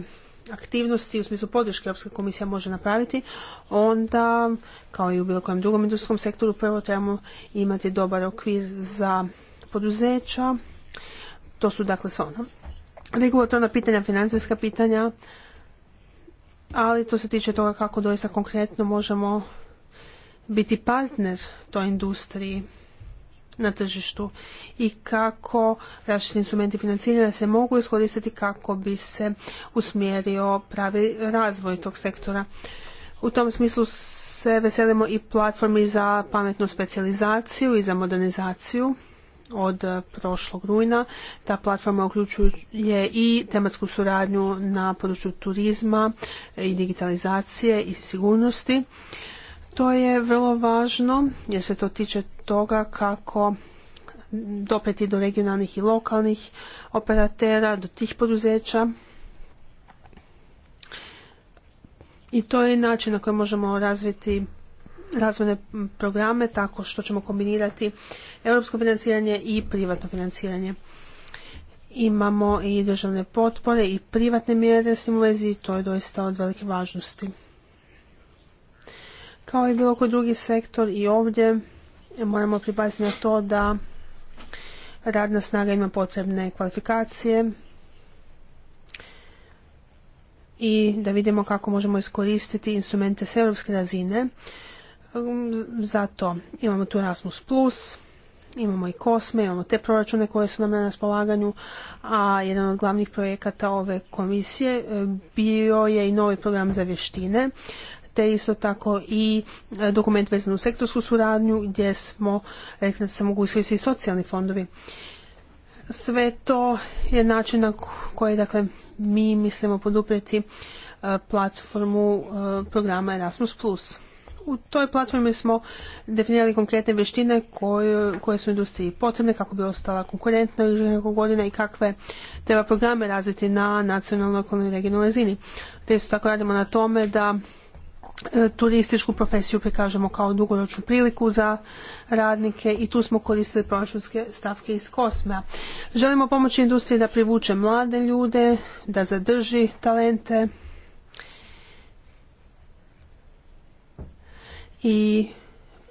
aktivnosti u smislu podrške Europska komisija može napraviti, onda kao i u bilo kojem drugom industrijskom sektoru prvo trebamo imati dobar okvir za poduzeća. To su dakle sva ona regulatorna pitanja, financijska pitanja, ali to se tiče toga kako doista konkretno možemo biti partner toj industriji na tržištu i kako različiti instrumenti financiranja se mogu iskoristiti kako bi se usmjerio pravi razvoj tog sektora. U tom smislu se veselimo i platformi za pametnu specijalizaciju i za modernizaciju od eh, prošlog rujna. Ta platforma uključuje i tematsku suradnju na području turizma eh, i digitalizacije i sigurnosti. To je vrlo važno jer se to tiče toga kako dopeti do regionalnih i lokalnih operatera, do tih poduzeća. I to je način na koji možemo razviti razvojne programe tako što ćemo kombinirati europsko financiranje i privatno financiranje. Imamo i državne potpore i privatne mjere s tim u vezi i to je doista od velike važnosti. Kao i bilo koji drugi sektor i ovdje moramo pripaziti na to da radna snaga ima potrebne kvalifikacije i da vidimo kako možemo iskoristiti instrumente s europske razine Um, Zato imamo tu Erasmus+, imamo i Kosme, imamo te proračune koje su nam na raspolaganju, a jedan od glavnih projekata ove komisije e, bio je i novi program za vještine, te isto tako i e, dokument vezan u sektorsku suradnju gdje smo rekli da se mogu iskoristiti socijalni fondovi. Sve to je način na koji dakle, mi mislimo poduprijeti e, platformu programa Erasmus+. U toj platformi smo definirali konkretne vještine koje, su industriji potrebne kako bi ostala konkurentna u nekoliko godina i kakve treba programe razviti na nacionalnoj, i regionalnoj razini. Te isto tako radimo na tome da e, turističku profesiju prikažemo kao dugoročnu priliku za radnike i tu smo koristili proračunske stavke iz kosme. Želimo pomoći industriji da privuče mlade ljude, da zadrži talente i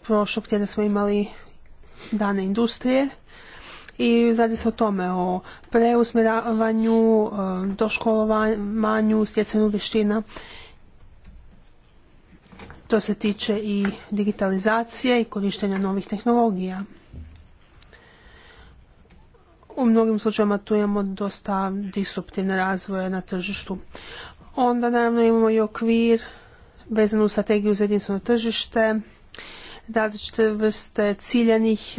prošlog tjedna smo imali dane industrije i radi se o tome, o preusmjeravanju, e, doškolovanju, stjecanju vještina. To se tiče i digitalizacije i korištenja novih tehnologija. U mnogim slučajevima tu imamo dosta disruptivne razvoje na tržištu. Onda naravno imamo i okvir vezano u strategiju za jedinstveno tržište, različite vrste ciljanih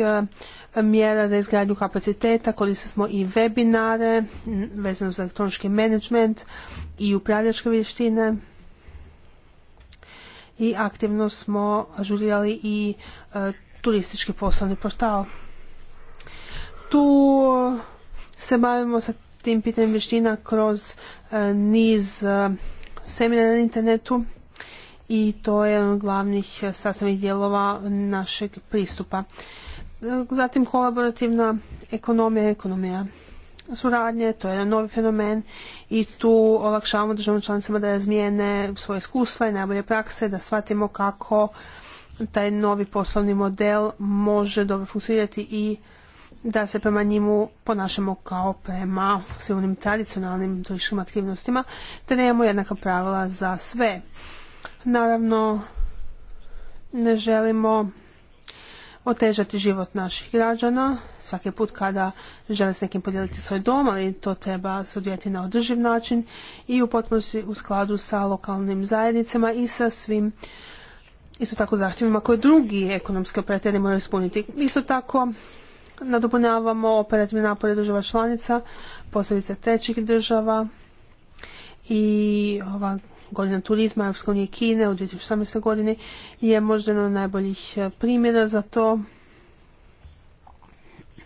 eh, mjera za izgradnju kapaciteta, koristili smo i webinare vezano za elektronički management i upravljačke vještine i aktivno smo ažurirali i eh, turistički poslovni portal. Tu eh, se bavimo sa tim pitanjem vještina kroz niz seminara na internetu i to je jedan od glavnih sastavnih dijelova našeg pristupa. Zatim kolaborativna ekonomija, ekonomija suradnje, to je jedan novi fenomen i tu olakšavamo državnom članicama da razmijene svoje iskustva i najbolje prakse, da shvatimo kako taj novi poslovni model može dobro funkcionirati i da se prema njimu ponašamo kao prema svim onim tradicionalnim turističkim aktivnostima, te nemamo jednaka pravila za sve. Naravno, ne želimo otežati život naših građana svaki put kada žele s nekim podijeliti svoj dom, ali to treba se odvijati na održiv način i u potpunosti u skladu sa lokalnim zajednicama i sa svim isto tako zahtjevima koje drugi ekonomski operateri moraju ispuniti. Isto tako nadopunjavamo operativne napore država članica, posebice trećih država i ova godina turizma Europske i Kine u 2018. godini je možda jedan od najboljih e, primjera za to e,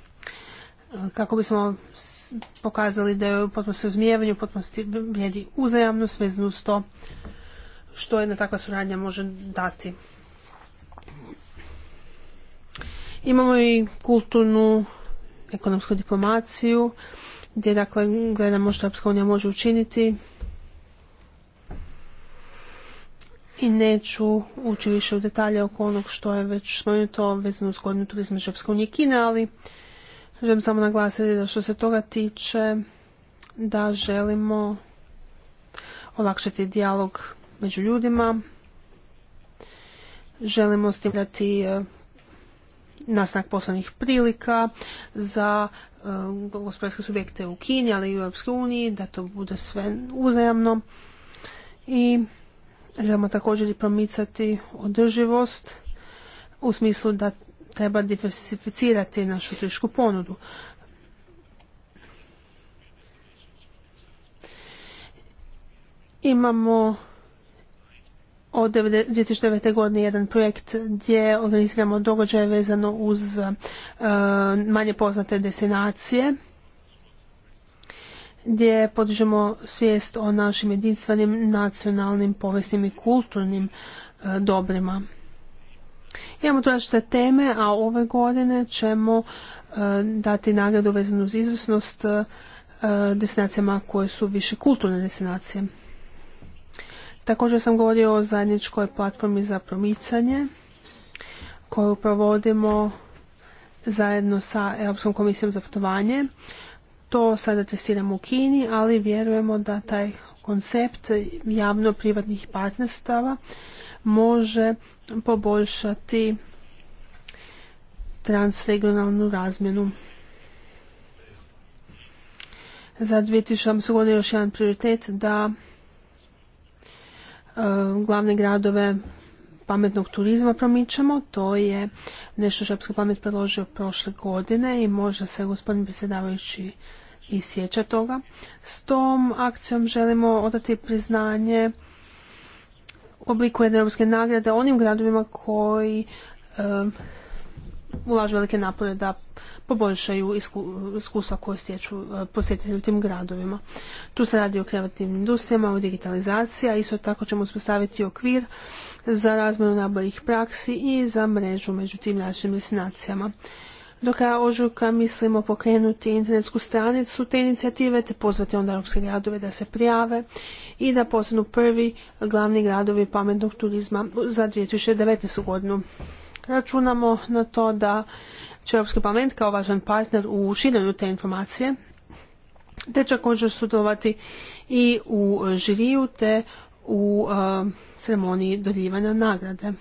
kako bismo pokazali da je u potpunosti uzmijevanju, u potpunosti vrijedi uzajamno svezno s to što jedna takva suradnja može dati. Imamo i kulturnu ekonomsku diplomaciju gdje dakle gledamo što Europska unija može učiniti i neću ući više u detalje oko onog što je već spomenuto vezano uz godinu turizma Žepska unije Kine, ali želim samo naglasiti da što se toga tiče da želimo olakšati dijalog među ljudima, želimo stimulirati e, nasnak poslovnih prilika za e, gospodarske subjekte u Kini, ali i u Europskoj uniji, da to bude sve uzajamno. I Želimo također i promicati održivost u smislu da treba diversificirati našu tešku ponudu. Imamo od 2009. godine jedan projekt gdje organiziramo događaje vezano uz e, manje poznate destinacije gdje podižemo svijest o našim jedinstvenim nacionalnim, povijesnim i kulturnim e, dobrima. Imamo različite teme, a ove godine ćemo e, dati nagradu vezanu uz izvrsnost e, destinacijama koje su više kulturne destinacije. Također sam govorio o zajedničkoj platformi za promicanje koju provodimo zajedno sa Europskom komisijom za putovanje to sada testiramo u Kini, ali vjerujemo da taj koncept javno-privatnih partnerstava može poboljšati transregionalnu razmjenu. Za 2000 godinu još jedan prioritet da e, glavne gradove pametnog turizma promičemo. To je nešto što je pamet predložio prošle godine i možda se gospodin predsjedavajući i sjeća toga. S tom akcijom želimo odati priznanje u obliku jedne europske nagrade onim gradovima koji ulažu velike napore da poboljšaju iskustva koje stječu e, posjetitelji u tim gradovima. Tu se radi o kreativnim industrijama, o digitalizaciji, a isto tako ćemo uspostaviti okvir za razmjenu najboljih praksi i za mrežu među tim našim destinacijama. Do kraja ožujka mislimo pokrenuti internetsku stranicu te inicijative te pozvati onda europske gradove da se prijave i da postanu prvi glavni gradovi pametnog turizma za 2019. godinu. Računamo na to da će Europski parlament kao važan partner u širenju te informacije te će također sudovati i u žiriju te u e, ceremoniji nagrade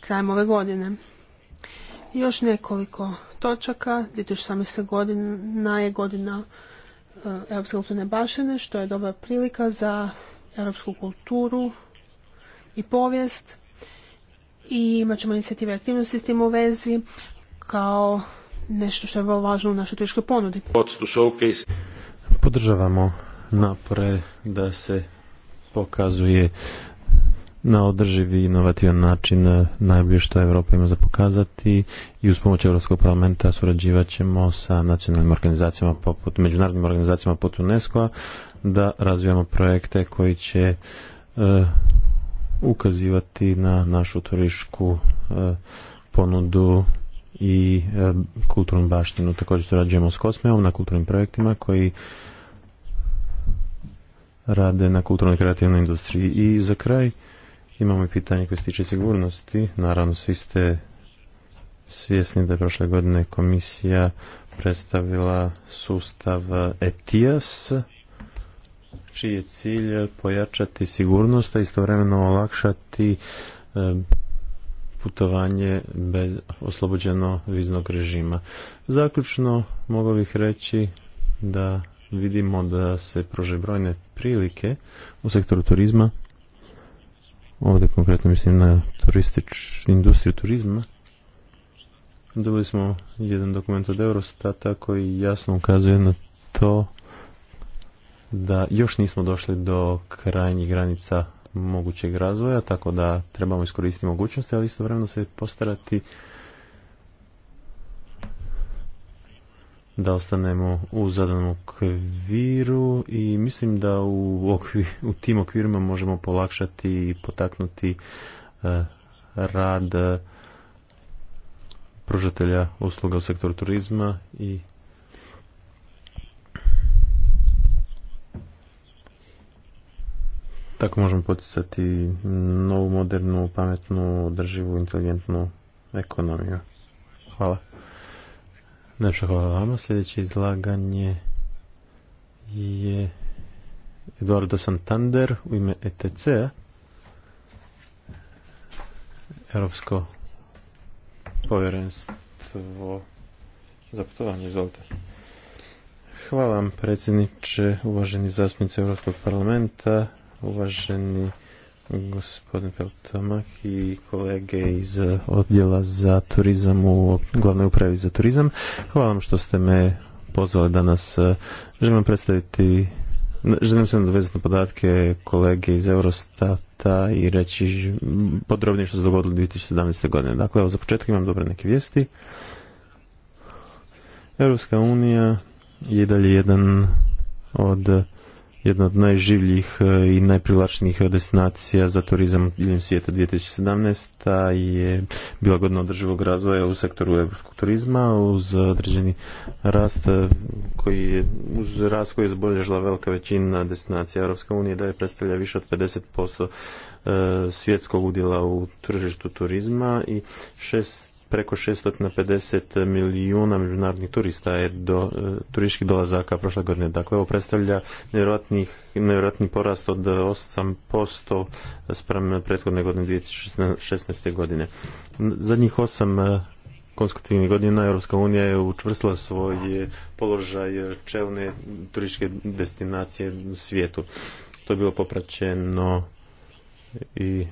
krajem ove godine. Još nekoliko točaka. 2018. godina je godina eh, Europske kulturne bašene, što je dobra prilika za europsku kulturu i povijest. I imat ćemo inicijative aktivnosti s tim u vezi kao nešto što je vrlo važno u našoj turističkoj ponudi. Podržavamo napore da se pokazuje na održivi inovativan način e, najbolje što Evropa ima za pokazati i uz pomoć Europskog parlamenta surađivat ćemo sa nacionalnim organizacijama poput, međunarodnim organizacijama poput unesco da razvijamo projekte koji će e, ukazivati na našu turističku e, ponudu i kulturnu baštinu. Također surađujemo s Kosmeom na kulturnim projektima koji rade na kulturno-kreativnoj industriji. I za kraj, Imamo i pitanje koje se tiče sigurnosti. Naravno, svi ste svjesni da je prošle godine komisija predstavila sustav ETIAS, čiji je cilj pojačati sigurnost, a istovremeno olakšati putovanje bez oslobođeno viznog režima. Zaključno mogu bih reći da vidimo da se prože brojne prilike u sektoru turizma, ovdje konkretno mislim na turistič, industriju turizma, dobili smo jedan dokument od Eurostata koji jasno ukazuje na to da još nismo došli do krajnjih granica mogućeg razvoja, tako da trebamo iskoristiti mogućnosti, ali istovremeno se postarati da ostanemo u zadanom okviru i mislim da u, u tim okvirima možemo polakšati i potaknuti e, rad e, pružatelja usluga u sektoru turizma i tako možemo poticati novu, modernu, pametnu, održivu, inteligentnu ekonomiju. Hvala. Najpša hvala vama. Sljedeće izlaganje je Eduardo Santander u ime etc Europsko povjerenstvo za putovanje. Izvolite. Hvala vam predsjedniče, uvaženi zastupnici Europskog parlamenta, uvaženi gospodin Peltomak i kolege iz odjela za turizam u glavnoj upravi za turizam. Hvala vam što ste me pozvali danas. Želim vam predstaviti Želim se nadovezati na podatke kolege iz Eurostata i reći podrobnije što se dogodilo 2017. godine. Dakle, evo za početak imam dobre neke vijesti. Europska unija je dalje jedan od jedna od najživljih e, i najprivlačnijih destinacija za turizam diljem svijeta 2017. je bila godina održivog razvoja u sektoru evropskog turizma uz određeni rast e, koji je, uz rast koji je zbolježila velika većina destinacija Europske unije da je predstavlja više od 50% e, svjetskog udjela u tržištu turizma i šest preko 650 milijuna međunarodnih turista je do e, turističkih dolazaka prošle godine. Dakle, ovo predstavlja nevjerojatni porast od 8% sprem prethodne godine 2016. godine. Zadnjih osam e, konstruktivnih godina Europska unija je učvrstila svoj položaj čelne turističke destinacije u svijetu. To je bilo popraćeno i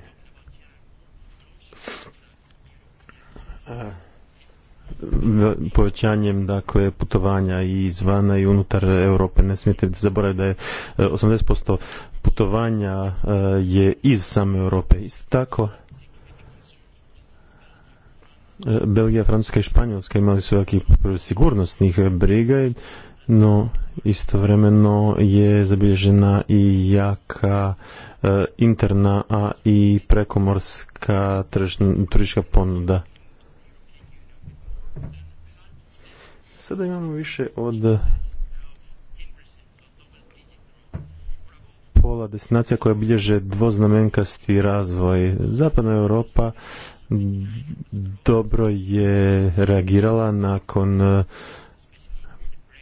povećanjem dakle putovanja i izvana i unutar Europe. Ne smijete zaboraviti da je 80% e, putovanja e, je iz same Europe. Isto tako e, Belgija, Francuska i Španjolska imali su veliki sigurnosnih briga, no istovremeno je zabilježena i jaka interna, a i prekomorska turistička ponuda. Sada imamo više od pola destinacija koja bilježe dvoznamenkasti razvoj. Zapadna Europa dobro je reagirala nakon e,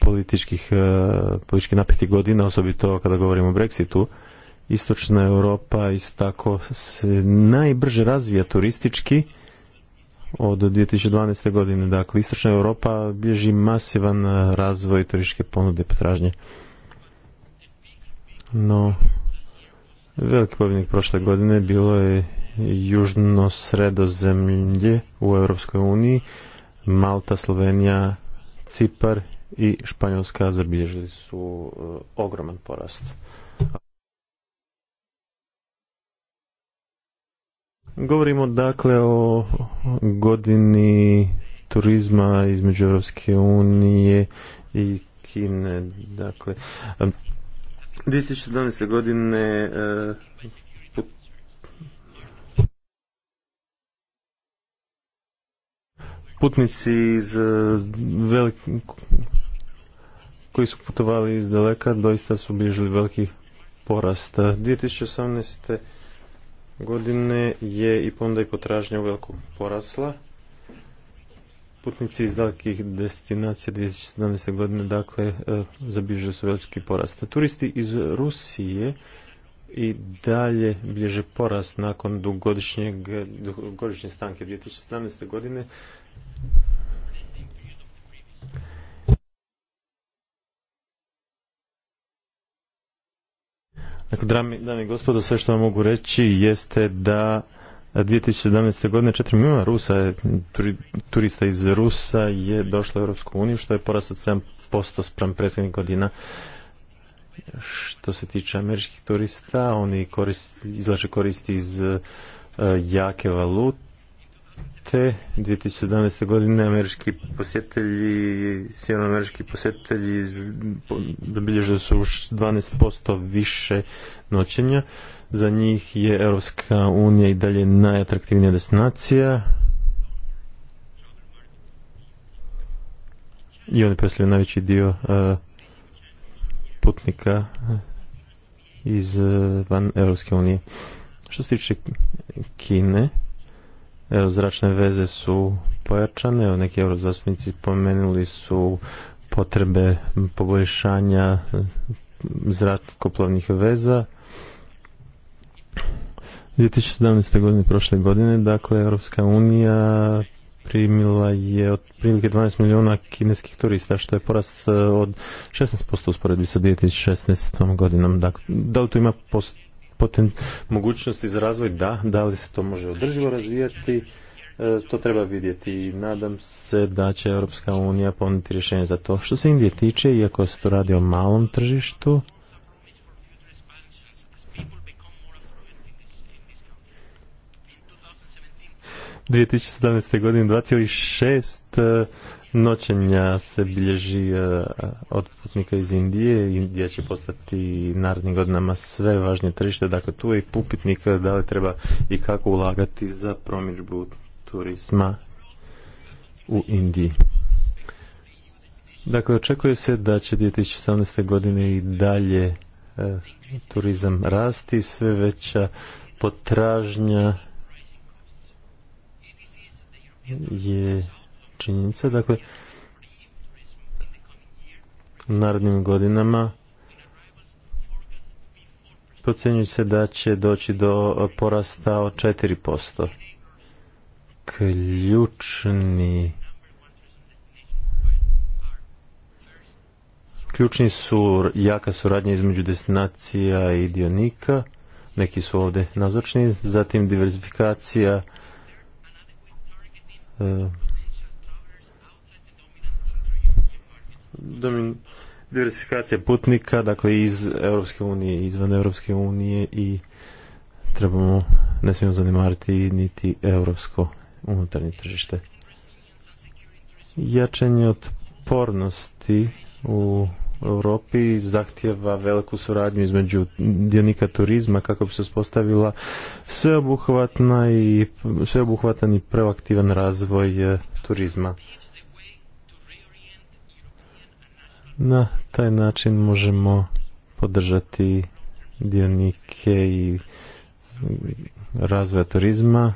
političkih, e, političkih napetih godina, osobito kada govorimo o Brexitu. Istočna Europa isto tako se najbrže razvija turistički od 2012. godine. Dakle, Istočna Europa bježi masivan eh, razvoj turističke ponude i potražnje. No, veliki pobjednik prošle godine bilo je južno sredozemlje u Europskoj uniji, Malta, Slovenija, Cipar i Španjolska zabilježili su eh, ogroman porast. Govorimo dakle o godini turizma između Europske unije i Kine. Dakle, 2017. godine eh, putnici iz eh, velik... koji su putovali iz daleka doista su bližili veliki porast. 2018 godine je i ponuda i potražnja uveliko porasla. Putnici iz dalekih destinacija 2017. godine dakle e, zabilježili su veliki porast. Turisti iz Rusije i dalje bliže porast nakon dugogodišnjeg dugogodišnje stanke 2017. godine Dakle, dame i gospodo, sve što vam mogu reći jeste da 2017. godine 4 milijuna Rusa, turista iz Rusa je došlo u Europsku uniju, što je porast od 7% sprem prethodnih godina. Što se tiče američkih turista, oni korist, izlaže koristi iz jake valute, te 2017. godine američki posjetitelji, sjevernoamerički posjetitelji zabilježili su 12% više noćenja. Za njih je Europska unija i dalje najatraktivnija destinacija. I oni predstavljaju najveći dio e, putnika e, iz e, van Europske unije. Što se tiče Kine, Evo, zračne veze su pojačane, neki eurozastupnici spomenuli su potrebe poboljšanja zrakoplovnih veza. 2017. godine, prošle godine, dakle, Europska unija primila je otprilike 12 milijuna kineskih turista, što je porast eh, od 16% usporedbi sa 2016. godinom. Dakle, da li tu ima post poten, mogućnosti za razvoj, da, da li se to može održivo razvijati, e, to treba vidjeti i nadam se da će Europska unija ponuditi rješenje za to. Što se Indije tiče, iako se to radi o malom tržištu, tisuće 2017. godine 2,6 noćenja se bilježi e, od putnika iz Indije. Indija će postati narednim godinama sve važnije tržište. Dakle, tu je i putnik e, da li treba i kako ulagati za promičbu turizma u Indiji. Dakle, očekuje se da će 2018. godine i dalje e, turizam rasti, sve veća potražnja je činjenica. Dakle, u narednim godinama procenjuje se da će doći do porasta od 4%. Ključni Ključni su jaka suradnja između destinacija i dionika, neki su ovdje nazočni, zatim diversifikacija e, diversifikacija putnika, dakle iz Europske unije, izvan Europske unije i trebamo, ne smijemo zanimariti niti europsko unutarnje tržište. Jačanje otpornosti u Europi zahtjeva veliku suradnju između dionika turizma kako bi se uspostavila sveobuhvatna i sveobuhvatan i proaktivan razvoj eh, turizma. Na taj način možemo podržati dionike i razvoja turizma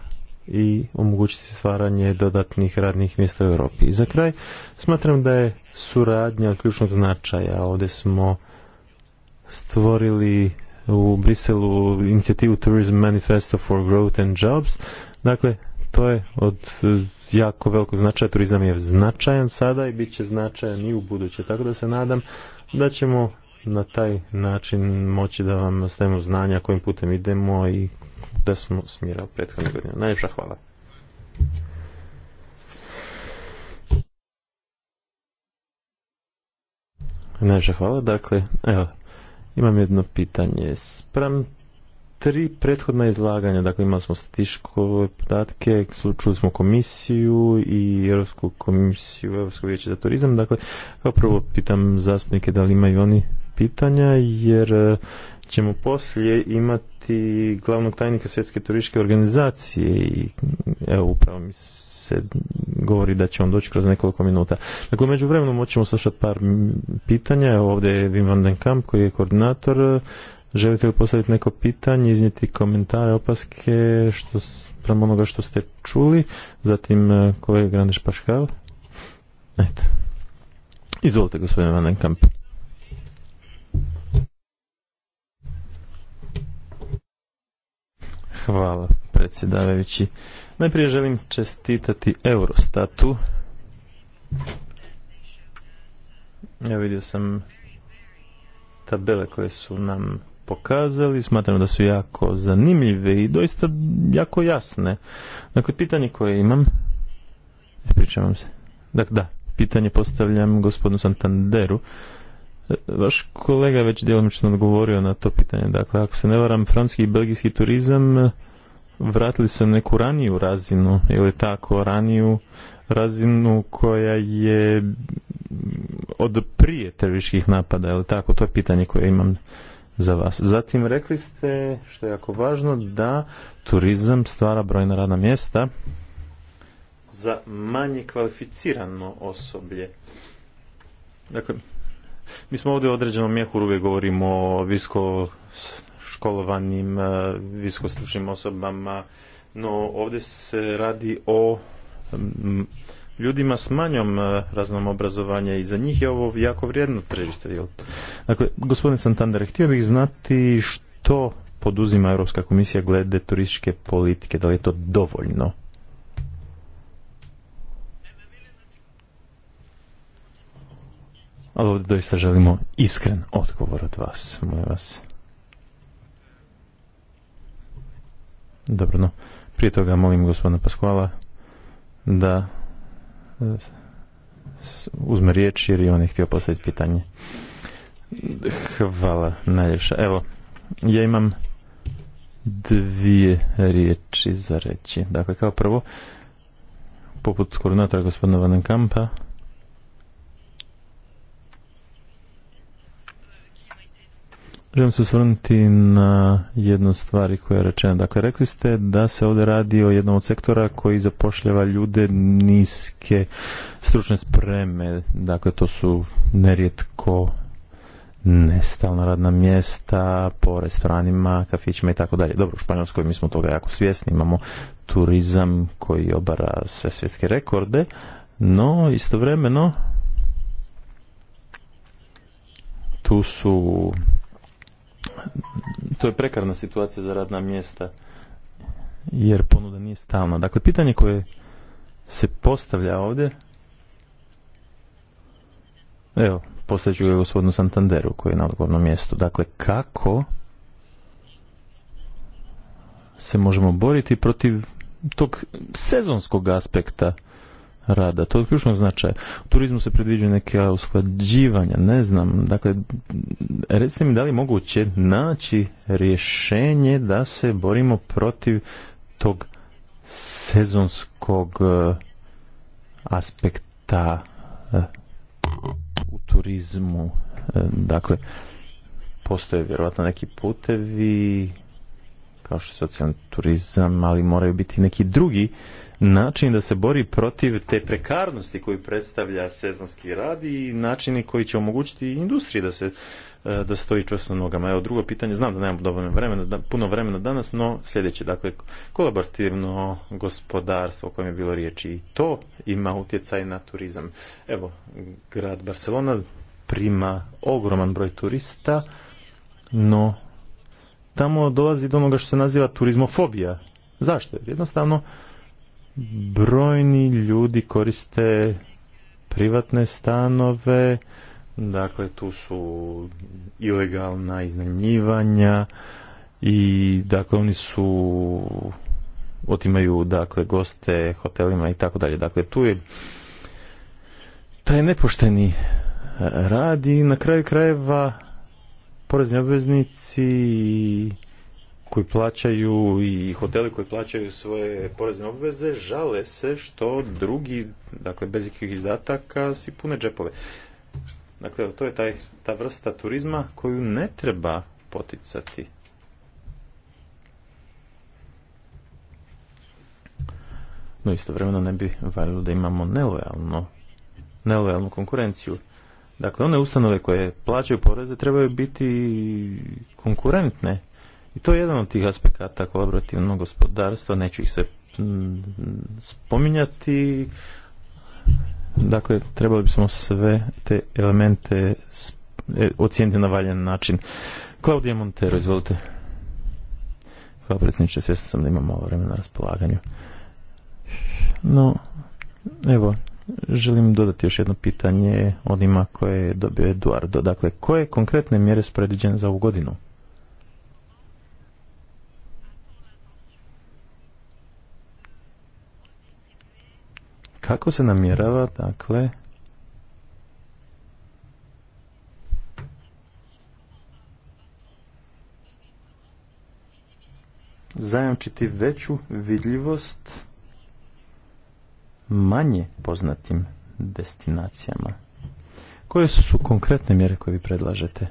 i omogućiti stvaranje dodatnih radnih mjesta u Europi. I za kraj smatram da je suradnja od ključnog značaja. Ovdje smo stvorili u Briselu inicijativu Tourism Manifesto for Growth and Jobs. Dakle, to je od e, jako velikog značaja. Turizam je značajan sada i bit će značajan i u buduće. Tako da se nadam da ćemo na taj način moći da vam stavimo znanja kojim putem idemo i da smo smjera prethodne godine. Najljepša hvala. hvala. Dakle, evo, imam jedno pitanje. Spram tri prethodna izlaganja, dakle imali smo statističke podatke, čuli smo komisiju i Europsku komisiju, Europsku vijeće za turizam, dakle kao prvo pitam zastupnike da li imaju oni pitanja, jer e, ćemo poslije imati glavnog tajnika svjetske turističke organizacije i evo upravo mi se govori da će on doći kroz nekoliko minuta. Dakle, među vremenom moćemo slušati par pitanja. ovdje je Wim van den Kamp koji je koordinator Želite li postaviti neko pitanje, iznijeti komentare, opaske što, prema onoga što ste čuli? Zatim e, kolega Grandiš Paškal. Eto. Izvolite gospodine Kamp. Hvala predsjedavajući. Najprije želim čestitati Eurostatu. Ja vidio sam tabele koje su nam pokazali, smatram da su jako zanimljive i doista jako jasne. Dakle, pitanje koje imam, pričavam se, dakle da, pitanje postavljam gospodinu Santanderu, Vaš kolega je već djelomično odgovorio na to pitanje. Dakle, ako se ne varam, francuski i belgijski turizam eh, vratili su neku raniju razinu, ili tako, raniju razinu koja je od prije terorističkih napada, ili tako, to je pitanje koje imam za vas. Zatim rekli ste, što je jako važno, da turizam stvara brojna radna mjesta za manje kvalificirano osoblje. Dakle, mi smo ovdje u određenom mjehu uvijek govorimo o visko školovanim, eh, viskostručnim osobama, no ovdje se radi o mm, ljudima s manjom e, raznom obrazovanja i za njih je ovo jako vrijedno tržište. Jel? Dakle, gospodin Santander, htio bih znati što poduzima Europska komisija glede turističke politike, da li je to dovoljno? Ali ovdje doista želimo iskren odgovor od vas, molim vas. Dobro, no. Prije toga molim gospodina Paskuala da uzme riječ jer i on je htio postaviti pitanje. Hvala najljepša. Evo, ja imam dvije riječi za reći. Dakle, kao prvo, poput koordinatora gospodina Vanenkampa, Kampa, Želim se osvrnuti na jednu stvar koja je rečena. Dakle, rekli ste da se ovdje radi o jednom od sektora koji zapošljava ljude niske stručne spreme. Dakle, to su nerijetko nestalna radna mjesta po restoranima, kafićima i tako dalje. Dobro, u Španjolskoj mi smo toga jako svjesni. Imamo turizam koji obara sve svjetske rekorde, no istovremeno tu su to je prekarna situacija za radna mjesta jer ponuda nije stalna. Dakle, pitanje koje se postavlja ovdje evo, postavit ću ga gospodinu Santanderu koji je na odgovornom mjestu. Dakle, kako se možemo boriti protiv tog sezonskog aspekta rada. To je ključnog U turizmu se predviđaju neke usklađivanja, ne znam. Dakle, recite mi da li je moguće naći rješenje da se borimo protiv tog sezonskog e, aspekta e, u turizmu. E, dakle, postoje vjerojatno neki putevi kao što je socijalni turizam, ali moraju biti neki drugi način da se bori protiv te prekarnosti koju predstavlja sezonski rad i načini koji će omogućiti industriji da se e, da stoji čvrsto nogama. Evo drugo pitanje, znam da nemam dovoljno vremena, puno vremena danas, no sljedeće, dakle, kolaborativno gospodarstvo o kojem je bilo riječi i to ima utjecaj na turizam. Evo, grad Barcelona prima ogroman broj turista, no tamo dolazi do onoga što se naziva turizmofobija. Zašto? Jednostavno, brojni ljudi koriste privatne stanove, dakle tu su ilegalna iznajmljivanja i dakle oni su otimaju dakle goste hotelima i tako dalje. Dakle tu je taj nepošteni e, rad i na kraju krajeva porezni obveznici i koji plaćaju i hoteli koji plaćaju svoje porezne obveze žale se što drugi, dakle bez ikakvih izdataka, si pune džepove. Dakle, to je taj, ta vrsta turizma koju ne treba poticati. No istovremeno ne bi valjalo da imamo nelojalno, nelojalnu konkurenciju. Dakle, one ustanove koje plaćaju poreze trebaju biti konkurentne i to je jedan od tih aspekata kolaborativnog gospodarstva, neću ih sve spominjati. Dakle, trebali bismo sve te elemente e, ocijeniti na valjan način. Klaudija Montero, izvolite. Hvala predsjedniče, svjesna sam da imam malo vremena na raspolaganju. No, evo, želim dodati još jedno pitanje onima koje je dobio Eduardo. Dakle, koje konkretne mjere su predviđene za ovu godinu? kako se namjerava, dakle, zajamčiti veću vidljivost manje poznatim destinacijama. Koje su konkretne mjere koje vi predlažete?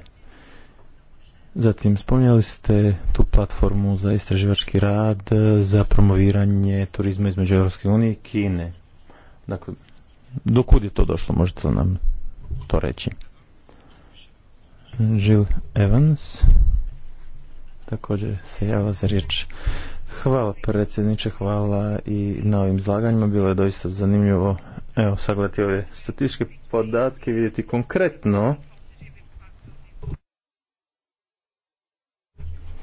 Zatim, spominjali ste tu platformu za istraživački rad, za promoviranje turizma između Europske unije i Kine. Dakle, dokud je to došlo, možete li nam to reći? Jill Evans također se java za riječ. Hvala predsjedniče, hvala i na ovim izlaganjima. Bilo je doista zanimljivo evo, sagledati ove statističke podatke, vidjeti konkretno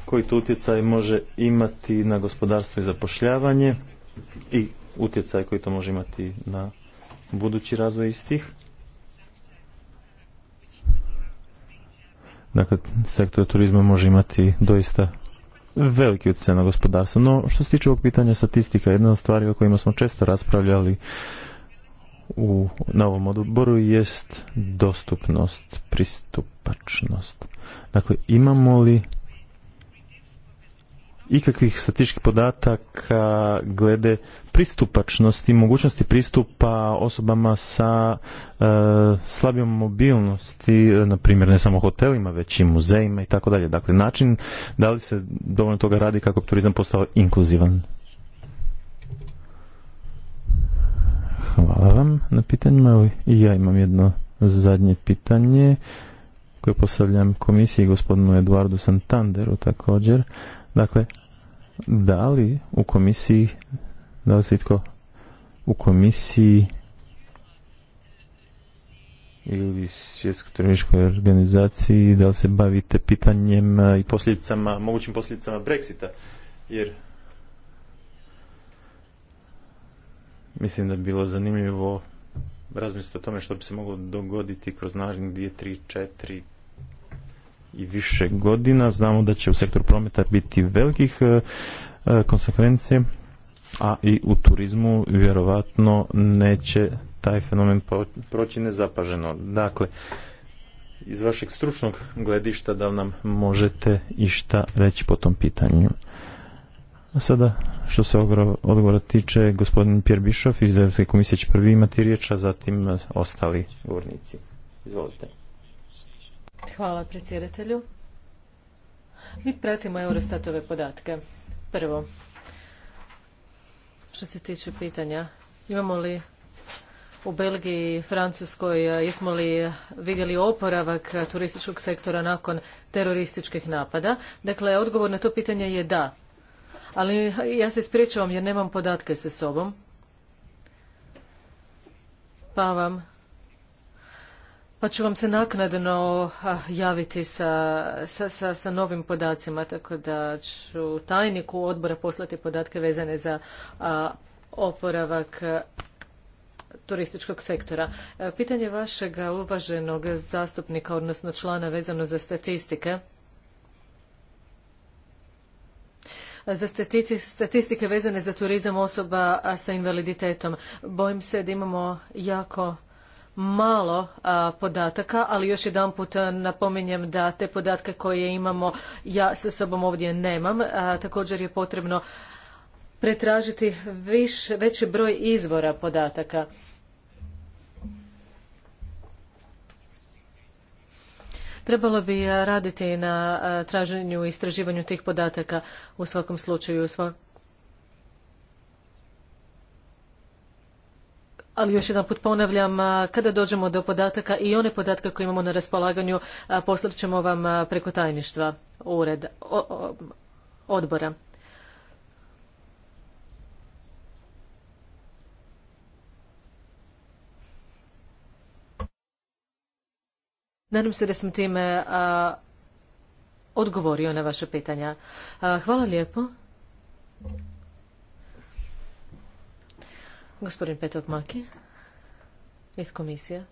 koji to utjecaj može imati na gospodarstvo i zapošljavanje i utjecaj koji to može imati na budući razvoj istih. Dakle, sektor turizma može imati doista veliki utjecaj na gospodarstvo. No, što se tiče ovog pitanja statistika, jedna od stvari o kojima smo često raspravljali u, na ovom odboru jest dostupnost, pristupačnost. Dakle, imamo li ikakvih statističkih podataka glede pristupačnosti, mogućnosti pristupa osobama sa e, slabijom mobilnosti, e, na primjer ne samo hotelima, već i muzejima i tako dalje. Dakle, način da li se dovoljno toga radi kako bi turizam postao inkluzivan. Hvala vam na pitanjima. I ja imam jedno zadnje pitanje koje postavljam komisiji gospodinu Eduardu Santanderu također. Dakle, da li u komisiji da li se itko u komisiji ili svjetsko-turističkoj organizaciji, da li se bavite pitanjem e, i posljedicama, mogućim posljedicama Brexita, jer mislim da bi bilo zanimljivo razmisliti o tome što bi se moglo dogoditi kroz narednih 2, 3, 4 i više godina. Znamo da će u sektoru prometa biti velikih e, e, konsekvencije a i u turizmu vjerovatno neće taj fenomen proći nezapaženo. Dakle, iz vašeg stručnog gledišta da nam možete išta reći po tom pitanju. A sada, što se odgovora tiče, gospodin Pjer Bišov iz Europske komisije će prvi imati riječ, a zatim ostali govornici. Izvolite. Hvala predsjedatelju. Mi pratimo Eurostatove podatke. Prvo, što se tiče pitanja, imamo li u Belgiji i Francuskoj, jesmo li vidjeli oporavak turističkog sektora nakon terorističkih napada? Dakle, odgovor na to pitanje je da. Ali ja se ispričavam jer nemam podatke sa sobom. Pa vam pa ću vam se naknadno ah, javiti sa, novim podacima, tako da ću tajniku odbora poslati podatke vezane za oporavak eh, turističkog sektora. Eh, pitanje vašeg uvaženog zastupnika, odnosno člana vezano za statistike. Eh, za statistike vezane za turizam osoba sa invaliditetom. Bojim se da imamo jako malo podataka, ali još jedan put napominjem da te podatke koje imamo ja sa sobom ovdje nemam. također je potrebno pretražiti veći broj izvora podataka. Trebalo bi raditi na traženju i istraživanju tih podataka u svakom slučaju. U svakom ali još jedan put ponavljam, kada dođemo do podataka i one podatke koje imamo na raspolaganju, poslat ćemo vam preko tajništva ured odbora. Nadam se da sam time odgovorio na vaše pitanja. hvala lijepo. Gospodin Petok Maki iz komisije.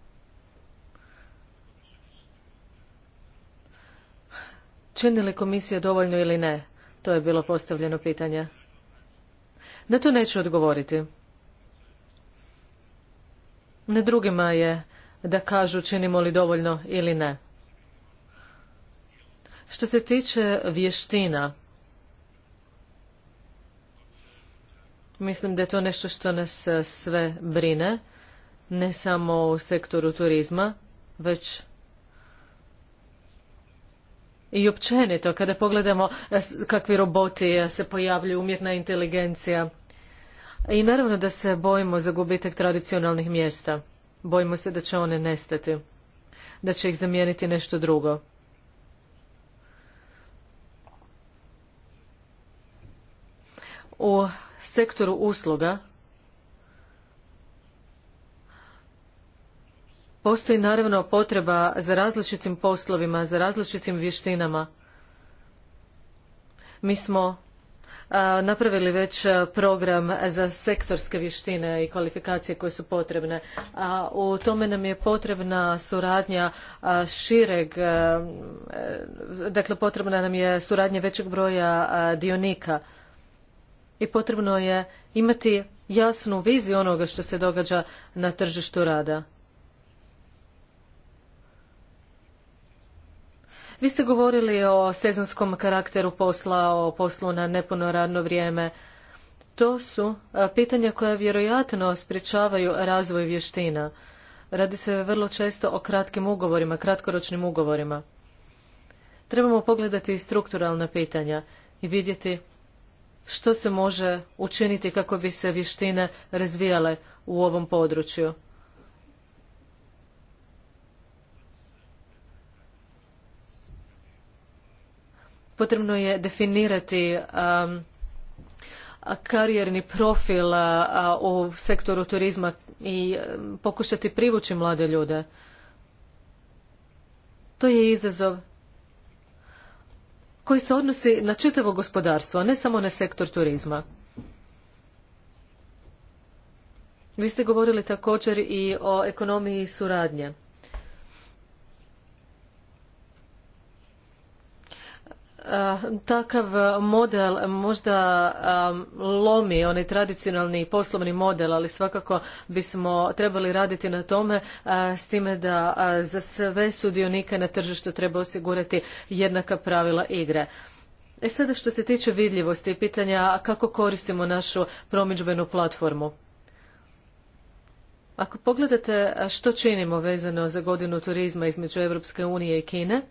Čini li komisija dovoljno ili ne? To je bilo postavljeno pitanje. Na to neću odgovoriti. Na drugima je da kažu činimo li dovoljno ili ne. Što se tiče vještina Mislim da je to nešto što nas e, sve brine, ne samo u sektoru turizma, već i općenito, kada pogledamo e, kakvi roboti e, se pojavljuju, umjetna inteligencija. I naravno da se bojimo za gubitak tradicionalnih mjesta. Bojimo se da će one nestati, da će ih zamijeniti nešto drugo. U sektoru usluga postoji naravno potreba za različitim poslovima, za različitim vještinama. Mi smo napravili već program za sektorske vještine i kvalifikacije koje su potrebne. A u tome nam je potrebna suradnja šireg, e, dakle potrebna nam je suradnja većeg broja dionika i potrebno je imati jasnu viziju onoga što se događa na tržištu rada. Vi ste govorili o sezonskom karakteru posla, o poslu na nepuno radno vrijeme. To su pitanja koja vjerojatno sprječavaju razvoj vještina. Radi se vrlo često o kratkim ugovorima, kratkoročnim ugovorima. Trebamo pogledati i strukturalna pitanja i vidjeti što se može učiniti kako bi se vještine razvijale u ovom području. Potrebno je definirati um, karijerni profil u sektoru turizma i um, pokušati privući mlade ljude. To je izazov koji se odnosi na čitavo gospodarstvo, a ne samo na sektor turizma. Vi ste govorili također i o ekonomiji suradnje. Eh, takav eh, model možda eh, lomi onaj tradicionalni poslovni model, ali svakako bismo trebali raditi na tome s time da za sve sudionike na tržištu treba osigurati jednaka pravila igre. E sada što se tiče vidljivosti i pitanja kako koristimo našu promidžbenu platformu. Ako pogledate što činimo vezano za godinu turizma između Europske unije i Kine,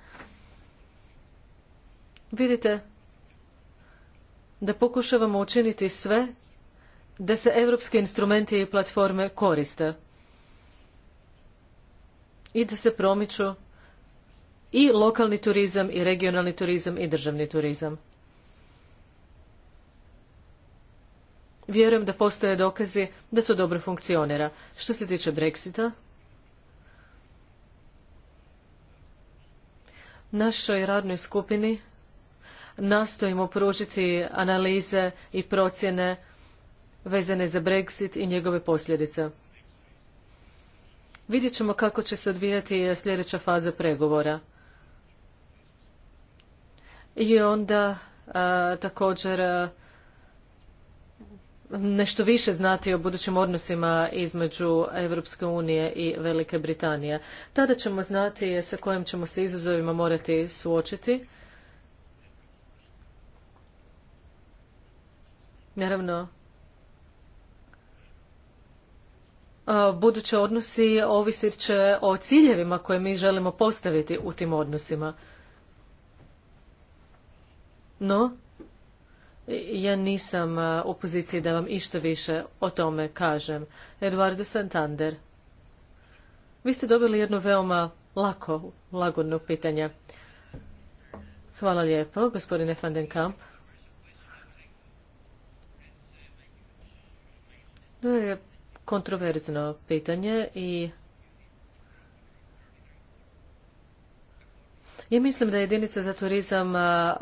vidite da pokušavamo učiniti sve da se evropske instrumenti i platforme koriste i da se promiču i lokalni turizam i regionalni turizam i državni turizam. Vjerujem da postoje dokazi da to dobro funkcionira. Što se tiče Brexita, našoj radnoj skupini nastojimo pružiti analize i procjene vezane za Brexit i njegove posljedice. Vidjet ćemo kako će se odvijati sljedeća faza pregovora. I onda također nešto više znati o budućim odnosima između Europske unije i Velike Britanije. Tada ćemo znati sa kojim ćemo se izazovima morati suočiti Naravno, budući odnosi ovisit će o ciljevima koje mi želimo postaviti u tim odnosima. No, ja nisam u poziciji da vam išta više o tome kažem. Eduardo Santander, vi ste dobili jedno veoma lako, lagodno pitanje. Hvala lijepo, gospodine Van Kamp. To je kontroverzno pitanje i mislim da jedinica za turizam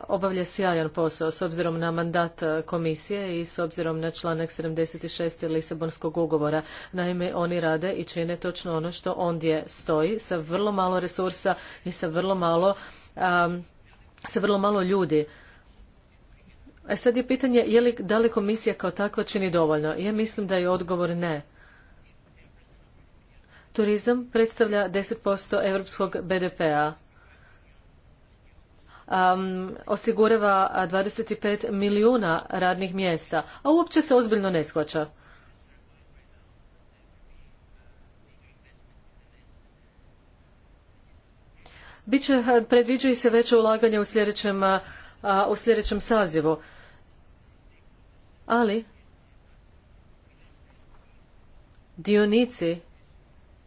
obavlja sjajan posao s obzirom na mandat komisije i s obzirom na članak 76. Lisabonskog ugovora. Naime, oni rade i čine točno ono što ondje stoji sa vrlo malo resursa i sa vrlo malo, sa vrlo malo ljudi. E sad je pitanje je li, da li komisija kao takva čini dovoljno. Ja mislim da je odgovor ne. Turizam predstavlja 10% europskog BDP-a. Um, osigurava 25 milijuna radnih mjesta, a uopće se ozbiljno ne shvaća. Biće, predviđaju se veće ulaganje u sljedećem, u sljedećem sazivu ali dionici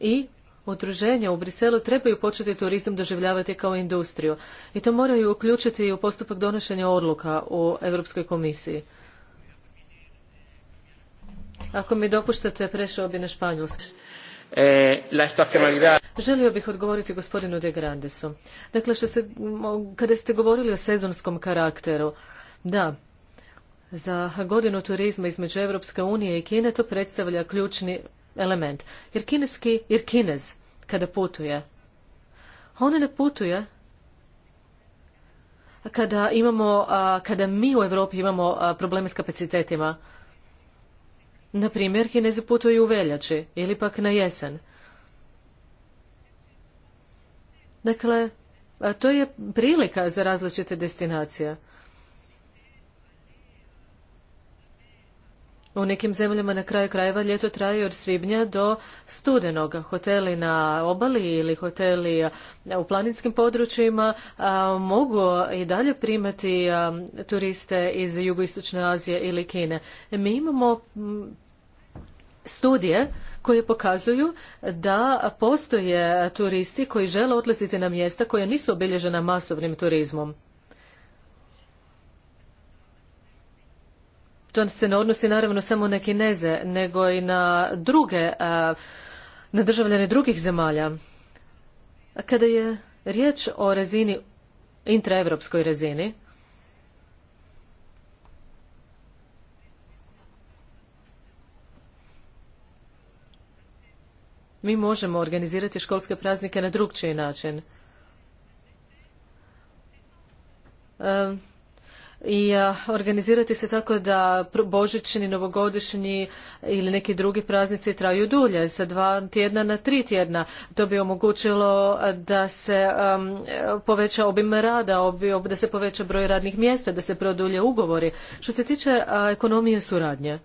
i udruženja u Briselu trebaju početi turizam doživljavati kao industriju i to moraju uključiti u postupak donošenja odluka u Europskoj komisiji. Ako mi dopuštate, prešao bi na španjolski. Eh, Želio bih odgovoriti gospodinu De Grandesu. Dakle, se, kada ste govorili o sezonskom karakteru, da, za godinu turizma između Evropske unije i Kine to predstavlja ključni element. Jer kineski, kinez kada putuje, on ne putuje kada imamo, kada mi u Europi imamo probleme s kapacitetima. Na primjer, kinezi putuju u veljači ili pak na jesen. Dakle, to je prilika za različite destinacije. U nekim zemljama na kraju krajeva ljeto traje od svibnja do studenog. Hoteli na obali ili hoteli u planinskim područjima mogu i dalje primati turiste iz jugoistočne Azije ili Kine. Mi imamo studije koje pokazuju da postoje turisti koji žele odlaziti na mjesta koja nisu obilježena masovnim turizmom. to se ne odnosi naravno samo na Kineze, nego i na druge, na državljane drugih zemalja. kada je riječ o razini, intraevropskoj razini, mi možemo organizirati školske praznike na drugčiji način i organizirati se tako da božićni, novogodišnji ili neki drugi praznici traju dulje, sa dva tjedna na tri tjedna. To bi omogućilo da se poveća obim rada, da se poveća broj radnih mjesta, da se produlje ugovori. Što se tiče ekonomije suradnje,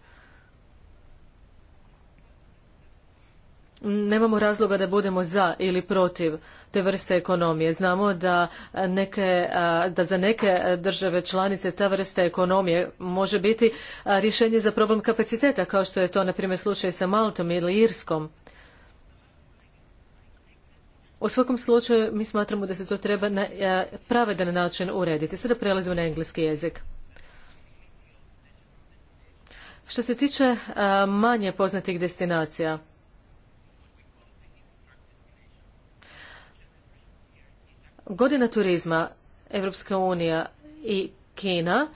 nemamo razloga da budemo za ili protiv te vrste ekonomije. Znamo da, da za neke države članice ta vrsta ekonomije može biti rješenje za problem kapaciteta, kao što je to, na primjer, slučaj sa Maltom ili Irskom. U svakom slučaju, mi smatramo da se to treba na pravedan način urediti. Sada prelazimo na engleski jezik. Što se tiče manje poznatih destinacija, Godina turizma Evropska unija i Kina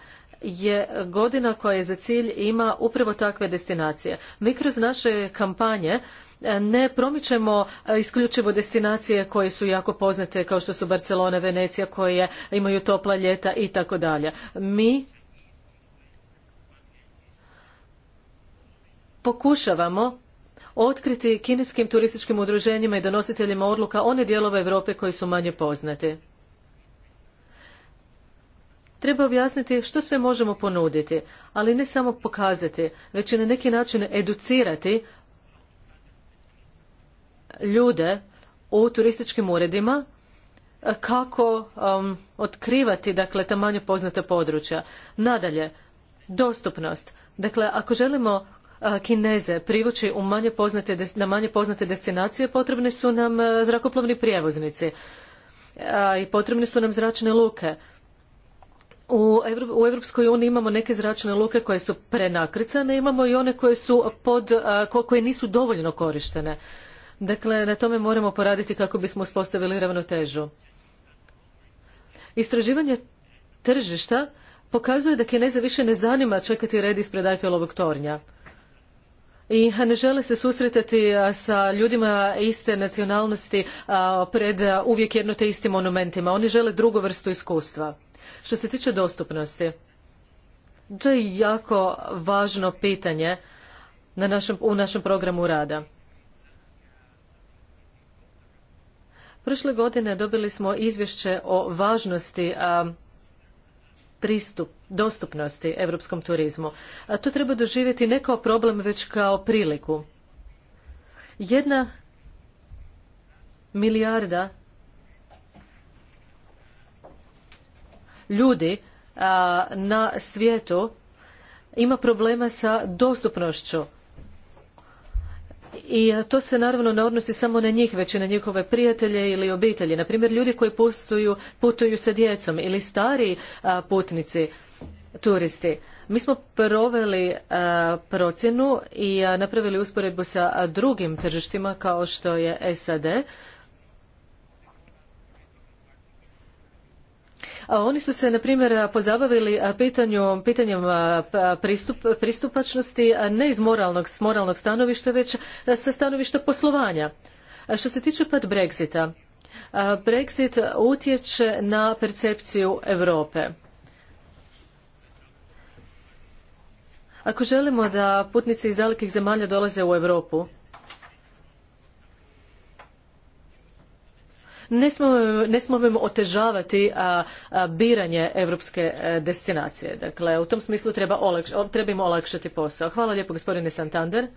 je godina koja za cilj ima upravo takve destinacije. Mi kroz naše kampanje e, ne promičemo e, isključivo destinacije koje su jako poznate kao što su Barcelona, Venecija koje imaju topla ljeta i tako dalje. Mi pokušavamo otkriti kineskim turističkim udruženjima i donositeljima odluka one dijelove Europe koji su manje poznati. Treba objasniti što sve možemo ponuditi, ali ne samo pokazati, već i na neki način educirati ljude u turističkim uredima kako um, otkrivati dakle ta manje poznata područja. Nadalje, dostupnost. Dakle, ako želimo Kineze privući u manje poznate, na manje poznate destinacije potrebni su nam e, zrakoplovni prijevoznici e, i potrebne su nam zračne luke. U, EU Europskoj uniji imamo neke zračne luke koje su prenakrcane, imamo i one koje su pod, nisu dovoljno korištene. Dakle, na tome moramo poraditi kako bismo uspostavili ravnotežu. Istraživanje tržišta pokazuje da Kineze više ne zanima čekati red ispred Eiffelovog tornja i ne žele se susretati sa ljudima iste nacionalnosti pred uvijek jedno te istim monumentima. Oni žele drugu vrstu iskustva. Što se tiče dostupnosti, to je jako važno pitanje na našem, u našem programu rada. Prošle godine dobili smo izvješće o važnosti pristup dostupnosti europskom turizmu. A to treba doživjeti ne kao problem, već kao priliku. Jedna milijarda ljudi na svijetu ima problema sa dostupnošću i to se naravno ne odnosi samo na njih već i na njihove prijatelje ili obitelji na ljudi koji putuju, putuju sa djecom ili stari putnici turisti. Mi smo proveli e, procjenu i e, napravili usporedbu sa e, drugim tržištima kao što je SAD. oni su se na primjer pozabavili pitanjem pristupačnosti ne iz moralnog, stanovišta već sa stanovišta poslovanja. što se tiče pad Brexita, Brexit utječe na percepciju Europe. Ako želimo da putnici iz dalekih zemalja dolaze u Europu, ne smijemo im otežavati biranje europske e, destinacije. Dakle, u tom smislu treba, im olakšati posao. Hvala lijepo gospodine Santander.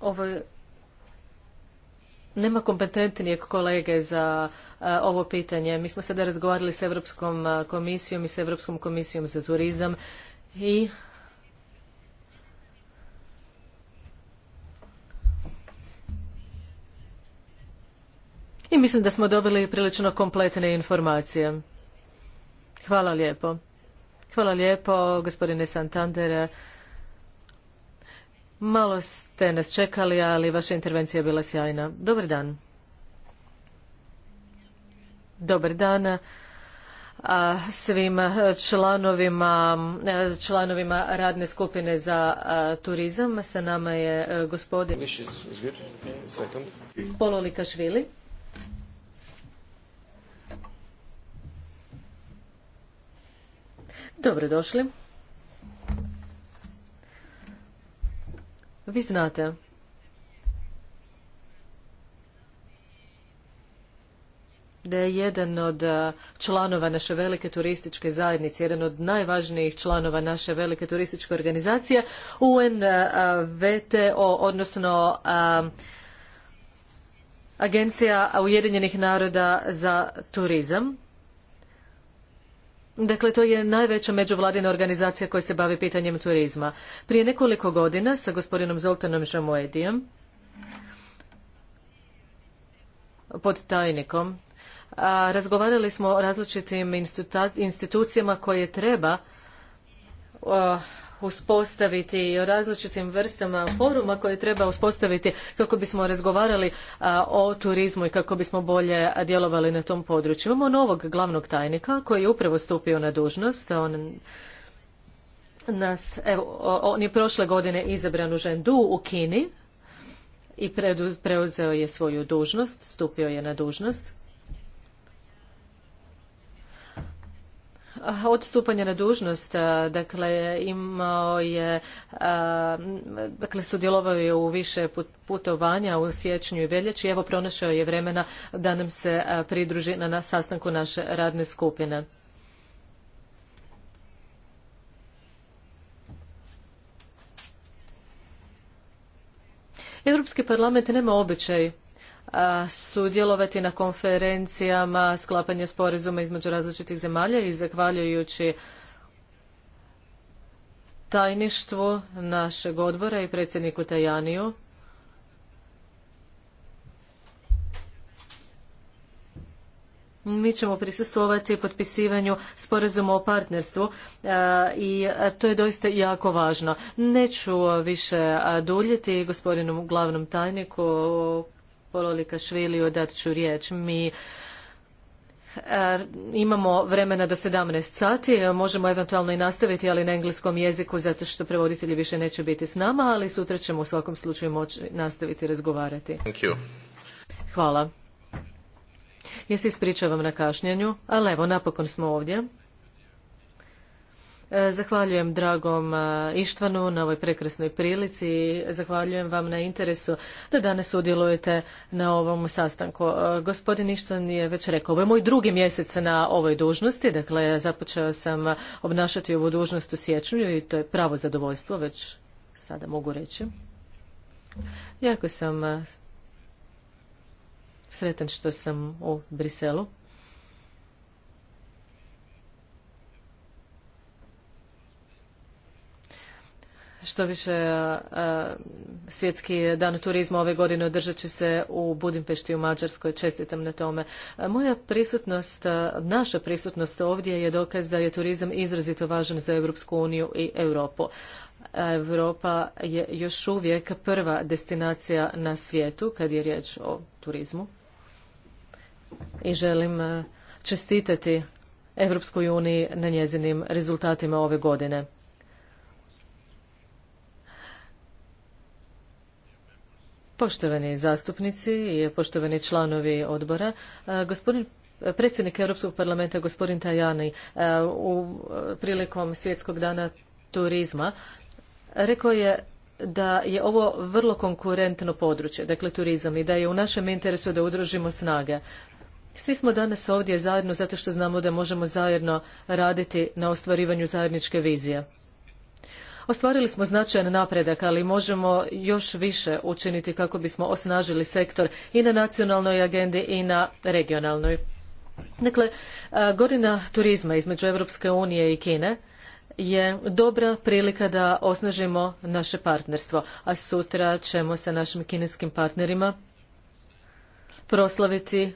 Ovo je nema kompetentnijeg kolege za e, ovo pitanje. Mi smo sada razgovarali s Europskom e, komisijom i s Europskom komisijom za turizam i i mislim da smo dobili prilično kompletne informacije. Hvala lijepo. Hvala lijepo gospodine Santander Malo ste nas čekali, ali vaša intervencija je bila sjajna. Dobar dan. Dobar dan svim članovima, članovima radne skupine za turizam. Sa nama je gospodin Pololika Švili. Dobrodošli. Vi znate. da je jedan od eh, članova naše velike turističke zajednice, jedan od najvažnijih članova naše velike turističke organizacije, UNVTO, eh, odnosno eh, Agencija Ujedinjenih naroda za turizam. Dakle, to je najveća međuvladina organizacija koja se bavi pitanjem turizma. Prije nekoliko godina sa gospodinom Zoltanom Žamoedijem, pod tajnikom, razgovarali smo o različitim institucijama koje treba uspostaviti i o različitim vrstama foruma koje treba uspostaviti kako bismo razgovarali o turizmu i kako bismo bolje djelovali na tom području. Imamo novog glavnog tajnika koji je upravo stupio na dužnost. On nas, evo, on je prošle godine izabran u Žendu u Kini i preuzeo je svoju dužnost, stupio je na dužnost. od stupanja na dužnost, dakle imao je, dakle sudjelovao je u više putovanja u siječnju i veljači, evo pronašao je vremena da nam se pridruži na sastanku naše radne skupine. Europski parlament nema običaj sudjelovati na konferencijama sklapanja sporazuma između različitih zemalja i zahvaljujući tajništvu našeg odbora i predsjedniku Tajaniju Mi ćemo prisustvovati potpisivanju sporazuma o partnerstvu i to je doista jako važno. Neću više duljiti gospodinu glavnom tajniku Švili, dat ću riječ. Mi e, Imamo vremena do 17 sati, e, možemo eventualno i nastaviti, ali na engleskom jeziku, zato što prevoditelji više neće biti s nama, ali sutra ćemo u svakom slučaju moći nastaviti razgovarati. Hvala. Ja se ispričavam na kašnjenju, ali evo, napokon smo ovdje. E, zahvaljujem dragom e, Ištvanu na ovoj prekrasnoj prilici i zahvaljujem vam na interesu da danas sudjelujete na ovom sastanku. E, gospodin Ištvan je već rekao, ovo je moj drugi mjesec na ovoj dužnosti, dakle započeo sam obnašati ovu dužnost u siječnju i to je pravo zadovoljstvo, već sada mogu reći. Jako sam sretan što sam u Briselu. Što više, svjetski dan turizma ove godine održat će se u Budimpešti u Mađarskoj. Čestitam na tome. Moja prisutnost, naša prisutnost ovdje je dokaz da je turizam izrazito važan za Europsku uniju i Europu. Europa je još uvijek prva destinacija na svijetu kad je riječ o turizmu. I želim čestitati Europskoj uniji na njezinim rezultatima ove godine. Poštovani zastupnici i poštovani članovi odbora, e, gospodin predsjednik Europskog parlamenta gospodin Tajani e, u e, prilikom svjetskog dana turizma rekao je da je ovo vrlo konkurentno područje, dakle turizam i da je u našem interesu da udružimo snage. Svi smo danas ovdje zajedno zato što znamo da možemo zajedno raditi na ostvarivanju zajedničke vizije. Ostvarili smo značajan napredak, ali možemo još više učiniti kako bismo osnažili sektor i na nacionalnoj agendi i na regionalnoj. Dakle, godina turizma između Europske unije i Kine je dobra prilika da osnažimo naše partnerstvo, a sutra ćemo se našim kineskim partnerima proslaviti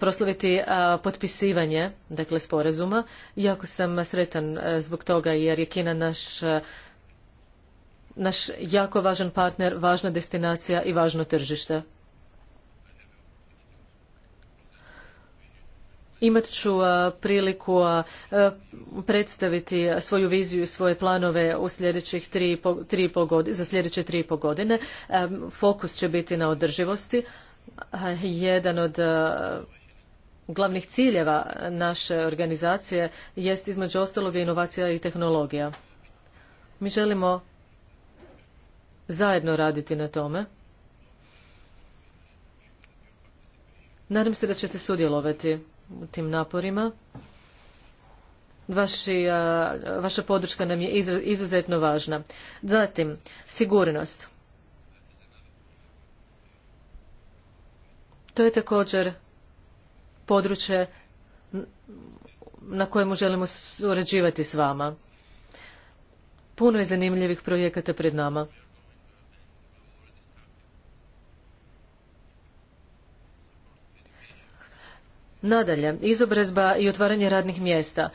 proslaviti potpisivanje dakle sporazuma. Jako sam sretan zbog toga jer je Kina naš naš jako važan partner, važna destinacija i važno tržište. Imat ću priliku predstaviti svoju viziju i svoje planove u sljedećih tri, godine, za sljedeće tri i godine. Fokus će biti na održivosti, jedan od e, glavnih ciljeva naše organizacije jest između ostalog inovacija i tehnologija. Mi želimo zajedno raditi na tome. Nadam se da ćete sudjelovati u tim naporima. Vaši, e, vaša podrška nam je izuzetno važna. Zatim, sigurnost. To je također područje na kojemu želimo surađivati s vama. Puno je zanimljivih projekata pred nama. Nadalje, izobrazba i otvaranje radnih mjesta.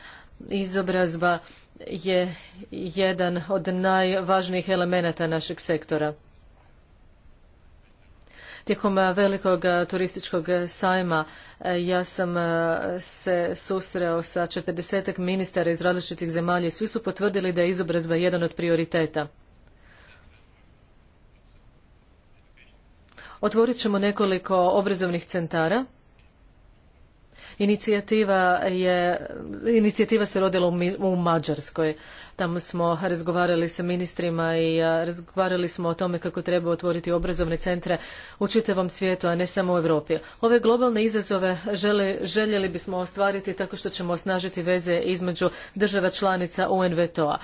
Izobrazba je jedan od najvažnijih elemenata našeg sektora. Tijekom e, velikog e, turističkog e, sajma ja sam se susreo sa četrdesetak ministara iz različitih zemalja i svi su potvrdili da je izobrazba jedan od prioriteta. Otvorit ćemo nekoliko obrazovnih centara Inicijativa, je, inicijativa se rodila u Mađarskoj. Tamo smo razgovarali sa ministrima i razgovarali smo o tome kako treba otvoriti obrazovne centre u čitavom svijetu, a ne samo u Europi. Ove globalne izazove željeli bismo ostvariti tako što ćemo osnažiti veze između država članica UNVTO-a.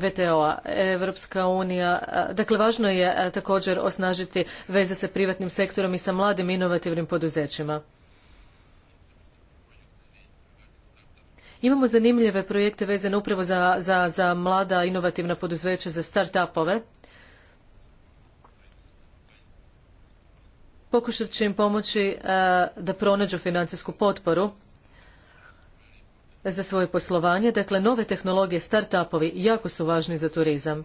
VTO-a, Evropska unija. Dakle, važno je također osnažiti veze sa privatnim sektorom i sa mladim inovativnim poduzećima. Imamo zanimljive projekte vezane upravo za, za, za mlada inovativna poduzeća, za start-upove. Pokušat ću im pomoći e, da pronađu financijsku potporu za svoje poslovanje. Dakle, nove tehnologije, start-upovi, jako su važni za turizam.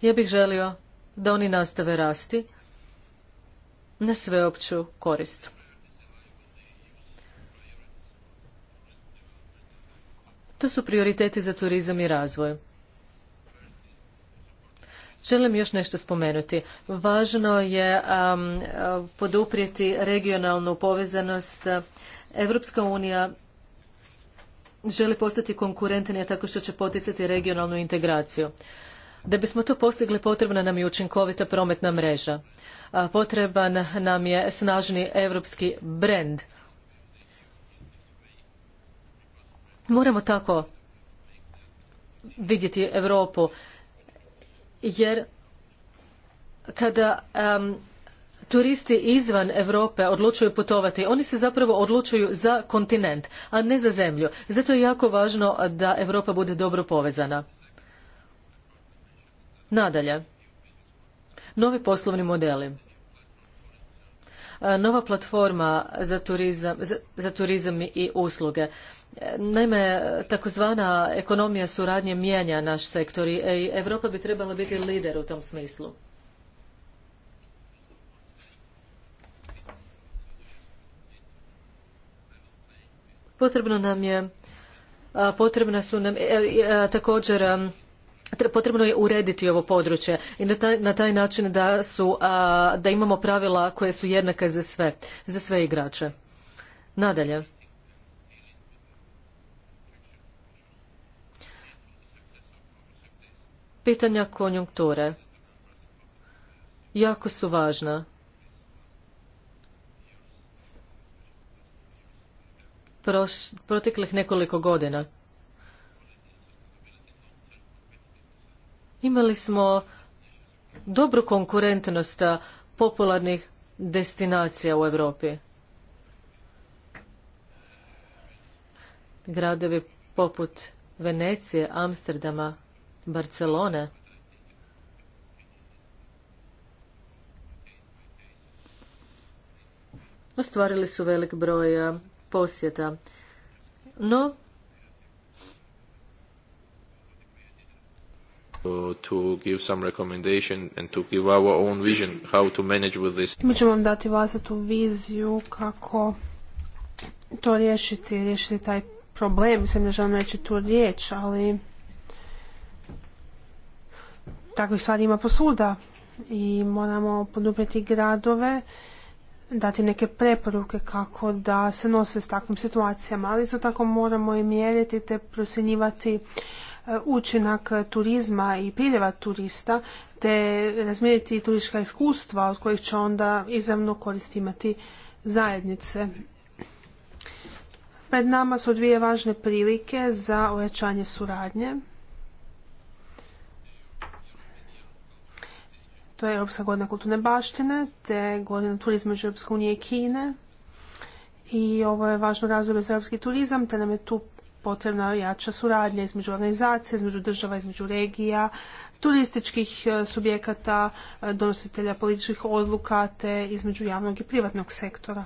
Ja bih želio da oni nastave rasti na sveopću korist. To su prioriteti za turizam i razvoj. Želim još nešto spomenuti. Važno je poduprijeti regionalnu povezanost. Evropska unija želi postati konkurentnija tako što će poticati regionalnu integraciju. Da bismo to postigli potrebna nam je učinkovita prometna mreža. Potreban nam je snažni europski brend Moramo tako vidjeti Europu jer kada turisti izvan Europe odlučuju putovati, oni se zapravo odlučuju za kontinent, a ne za zemlju. Zato je jako važno da Europa bude dobro povezana. Nadalje, novi poslovni modeli. E, nova platforma za turizam, za turizam i usluge. Naime, takozvana ekonomija suradnje mijenja naš sektor i Europa bi trebala biti lider u tom smislu. Potrebno nam je, potrebna su nam e, e, također potrebno je urediti ovo područje i na taj, način da su da imamo pravila koje su jednaka za sve za sve igrače nadalje pitanja konjunkture jako su važna. Proš, proteklih nekoliko godina. Imali smo dobru konkurentnost popularnih destinacija u Europi. Gradovi poput Venecije, Amsterdama, Barcelone. Ostvarili su velik broj posjeta. No, to give some recommendation and to give our own vision how to manage with this. Mi ćemo vam dati vlastitu viziju kako to riješiti, riješiti taj problem. Mislim, ne želim reći tu riječ, ali takvih stvari ima posvuda i moramo poduprijeti gradove, dati neke preporuke kako da se nose s takvim situacijama, ali isto tako moramo i mjeriti te prosjenjivati e, učinak turizma i priljeva turista, te razmijeniti turistička iskustva od kojih će onda izravno korist imati zajednice. Pred nama su dvije važne prilike za ojačanje suradnje To je Europska godina kulturne baštine, te godina turizma među Europske unije i Kine. I ovo je važno razdoblje za europski turizam, te nam je tu potrebna jača suradnja između organizacija, između država, između regija, turističkih e, subjekata, e, donositelja političkih odluka, te između javnog i privatnog sektora.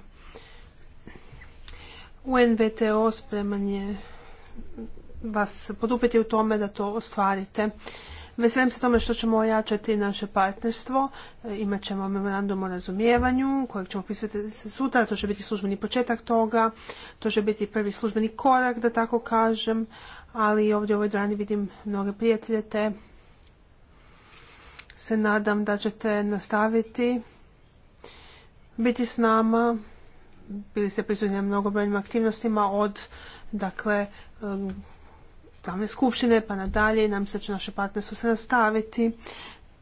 UNVTO spreman je vas podupiti u tome da to ostvarite. Veselim se tome što ćemo ojačati naše partnerstvo. E, imat ćemo memorandum o razumijevanju kojeg ćemo pisati sutra. To će biti službeni početak toga. To će biti prvi službeni korak, da tako kažem. Ali ovdje u ovoj drani vidim mnoge prijatelje te se nadam da ćete nastaviti biti s nama. Bili ste prisutni na mnogobrojnim aktivnostima od dakle glavne skupštine pa nadalje i nam se da će naše partnerstvo se nastaviti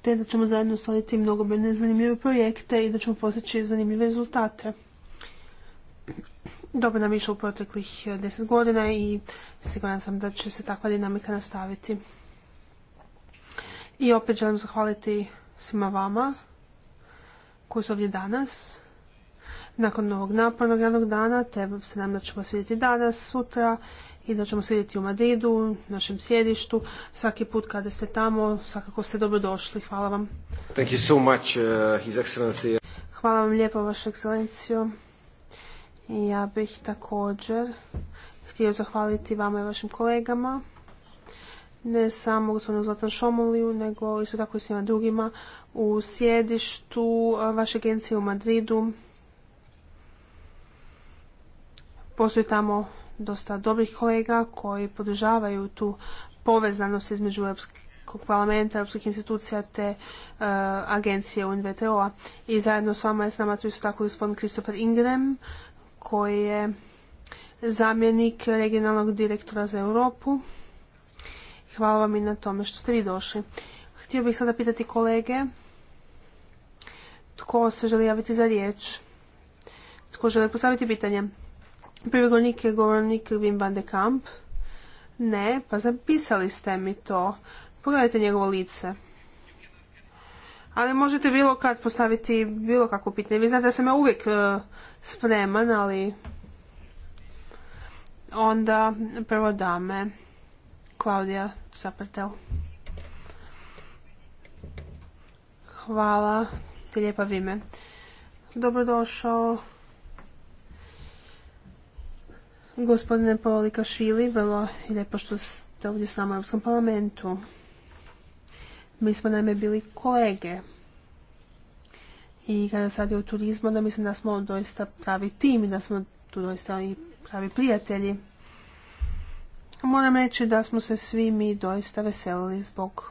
te da ćemo zajedno stvoriti mnogobrojne zanimljive projekte i da ćemo postići zanimljive rezultate. Dobro nam išlo u proteklih eh, deset godina i siguran sam da će se takva dinamika nastaviti. I opet želim zahvaliti svima vama koji su ovdje danas. Nakon novog napornog radnog dana te se nam da ćemo vas vidjeti danas, sutra i da ćemo sjediti u Madridu, našem sjedištu. Svaki put kada ste tamo, svakako ste dobrodošli. Hvala vam. Thank you so much, uh, His Excellency. Hvala vam lijepo, Vaša Ekscelencijo. Ja bih također htio zahvaliti vama i vašim kolegama, ne samo gospodinu Zlatan Šomoliju, nego isto tako i svima drugima u sjedištu uh, vaše agencije u Madridu. Postoji tamo dosta dobrih kolega koji podržavaju tu povezanost između Europskog parlamenta, Europskih institucija te e, agencije UNVTO-a. I zajedno s vama je s nama tu isto tako gospodin Christopher Ingram koji je zamjenik regionalnog direktora za Europu. Hvala vam i na tome što ste vi došli. Htio bih sada pitati kolege tko se želi javiti za riječ. Tko želi postaviti pitanje? Prvi govornik je govornik Wim van de Kamp. Ne, pa zapisali ste mi to. Pogledajte njegovo lice. Ali možete bilo kad postaviti bilo kakvo pitanje. Vi znate da sam ja uvijek e, spreman, ali onda prvo dame. Klaudija Zapretel. Hvala ti lijepa Vime. Dobrodošao Gospodine Polika Švili, vrlo lijepo što ste ovdje s nama u Europskom parlamentu. Mi smo naime bili kolege i kada sad je o turizmu, onda mislim da smo doista pravi tim i da smo tu doista i pravi prijatelji. Moram reći da smo se svi mi doista veselili zbog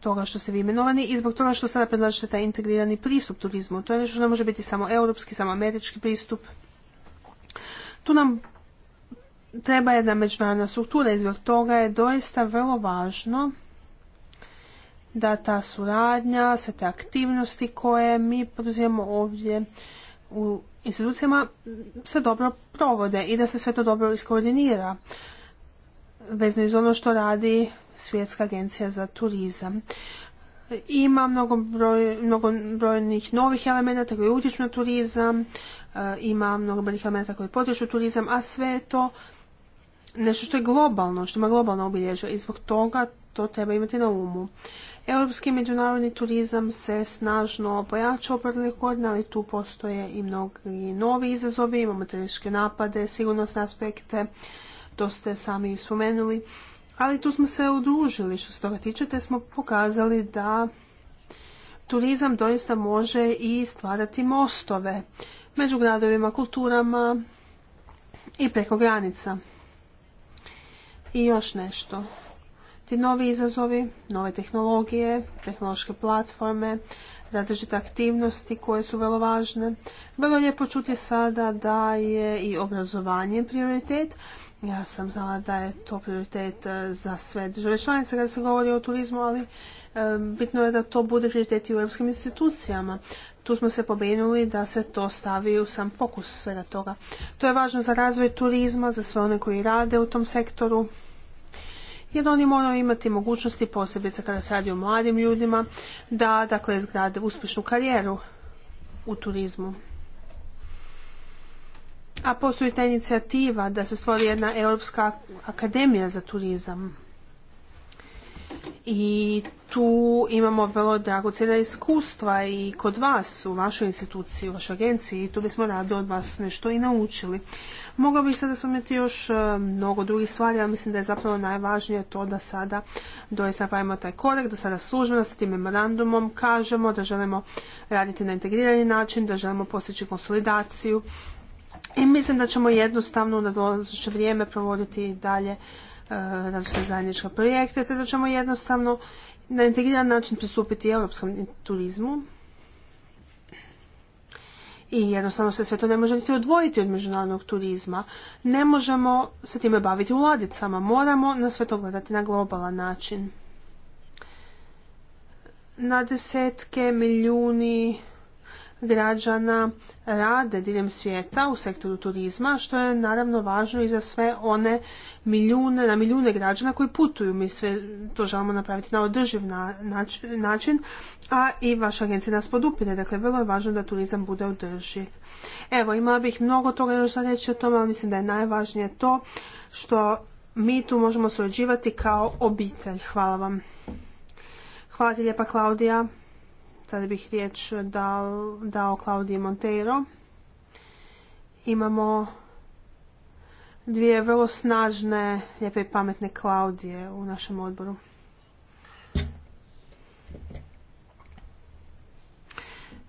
toga što ste vi imenovani i zbog toga što sada predlažete taj integrirani pristup turizmu. To je nešto što ne može biti samo europski, samo američki pristup. Tu nam treba jedna međunarodna struktura i zbog toga je doista vrlo važno da ta suradnja, sve te aktivnosti koje mi poduzijemo ovdje u institucijama se dobro provode i da se sve to dobro iskoordinira vezano iz ono što radi Svjetska agencija za turizam. Ima mnogo, mnogo brojnih novih elemenata koji utječu na turizam, E, ima mnogo boljih elementa koji potiču turizam, a sve je to nešto što je globalno, što ima globalno obilježje i zbog toga to treba imati na umu. Europski međunarodni turizam se snažno pojačao prvih godina, ali tu postoje i mnogi novi izazovi, imamo teške napade, sigurnosne aspekte, to ste sami spomenuli, ali tu smo se udružili što se toga tiče, te smo pokazali da turizam doista može i stvarati mostove među gradovima, kulturama i preko granica. I još nešto. Ti novi izazovi, nove tehnologije, tehnološke platforme, različite aktivnosti koje su vrlo važne. Vrlo lijepo čuti sada da je i obrazovanje prioritet. Ja sam znala da je to prioritet e, za sve države članice kada se govori o turizmu, ali e, bitno je da to bude prioritet i u europskim institucijama tu smo se pobrinuli da se to stavi u sam fokus svega toga. To je važno za razvoj turizma, za sve one koji rade u tom sektoru, jer oni moraju imati mogućnosti, posebice kada se radi o mladim ljudima, da dakle, zgrade uspješnu karijeru u turizmu. A postoji ta inicijativa da se stvori jedna Europska akademija za turizam. I tu imamo vrlo dragocjena iskustva i kod vas, u vašoj instituciji, u vašoj agenciji i tu bismo rado od vas nešto i naučili. Mogao bih sada spomenuti još e, mnogo drugih stvari, ali mislim da je zapravo najvažnije to da sada doista napravimo taj korek, da sada službeno sa tim memorandumom kažemo da želimo raditi na integrirani način, da želimo postići konsolidaciju i mislim da ćemo jednostavno na dolazeće vrijeme provoditi dalje e, različite zajedničke projekte, te da ćemo jednostavno na integriran način pristupiti europskom turizmu i jednostavno se sve to ne može niti odvojiti od međunarodnog turizma. Ne možemo se time baviti u ladicama, moramo na sve to gledati na globalan način. Na desetke milijuni građana rade diljem svijeta u sektoru turizma, što je naravno važno i za sve one milijune, na milijune građana koji putuju. Mi sve to želimo napraviti na održiv način, a i vaša agencija nas podupire. Dakle, vrlo je važno da turizam bude održiv. Evo, imala bih mnogo toga još za reći o tome, ali mislim da je najvažnije to što mi tu možemo surađivati kao obitelj. Hvala vam. Hvala ti lijepa, Klaudija. Sada bih riječ dao, dao Monteiro. Imamo dvije vrlo snažne, lijepe i pametne Klaudije u našem odboru.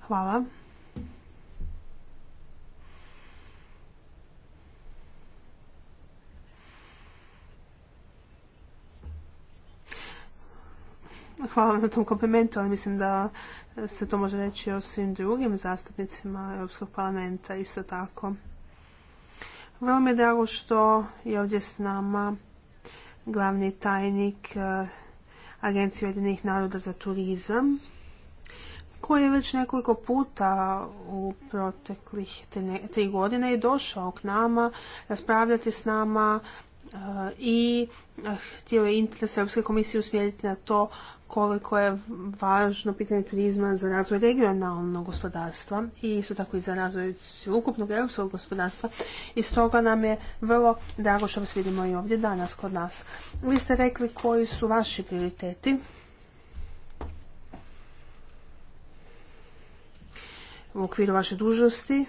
Hvala. Hvala vam na tom komplimentu, ali mislim da se to može reći o svim drugim zastupnicima Europskog parlamenta isto tako. Vrlo mi je drago što je ovdje s nama glavni tajnik eh, Agencije Ujedinih naroda za turizam, koji je već nekoliko puta u proteklih tri godine i došao k nama raspravljati s nama eh, i eh, htio je interes Europske komisije usmjeriti na to koliko je važno pitanje turizma za razvoj regionalnog gospodarstva i isto tako i za razvoj cjelokupnog europskog gospodarstva i stoga nam je vrlo drago što vas vidimo i ovdje danas kod nas. Vi ste rekli koji su vaši prioriteti. u okviru vaše dužnosti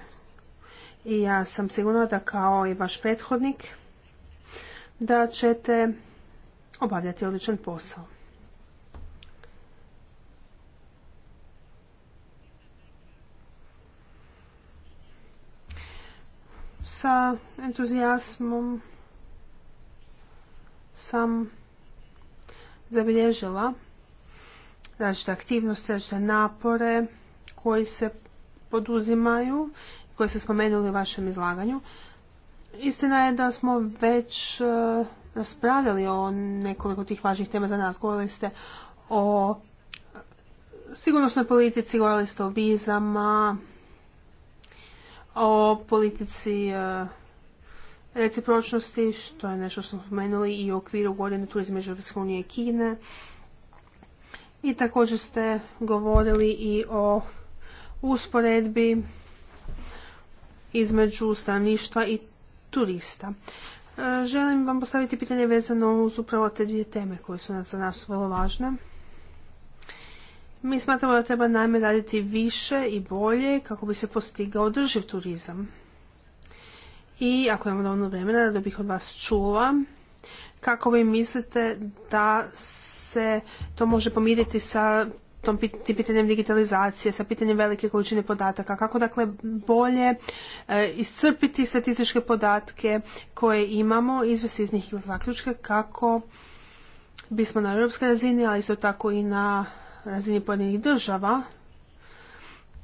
i ja sam sigurna da kao i vaš prethodnik da ćete obavljati odličan posao. sa entuzijasmom sam zabilježila različite aktivnosti, različite napore koji se poduzimaju, i koji ste spomenuli u vašem izlaganju. Istina je da smo već e, raspravili o nekoliko tih važnih tema za nas. Govorili ste o sigurnosnoj politici, govorili ste o vizama, o politici e, recipročnosti, što je nešto što smo spomenuli i u okviru godine tu između Evropske unije i Kine. I također ste govorili i o usporedbi između stanovništva i turista. E, želim vam postaviti pitanje vezano uz upravo te dvije teme koje su nas za nas vrlo važne. Mi smatramo da treba najme raditi više i bolje kako bi se postigao održiv turizam. I ako imamo dovoljno vremena da bih od vas čula kako vi mislite da se to može pomiriti sa tom pitanjem digitalizacije, sa pitanjem velike količine podataka, kako dakle bolje e, iscrpiti statističke podatke koje imamo, izvesti iz njih zaključke kako bismo na europskoj razini, ali isto tako i na razini pojedinih država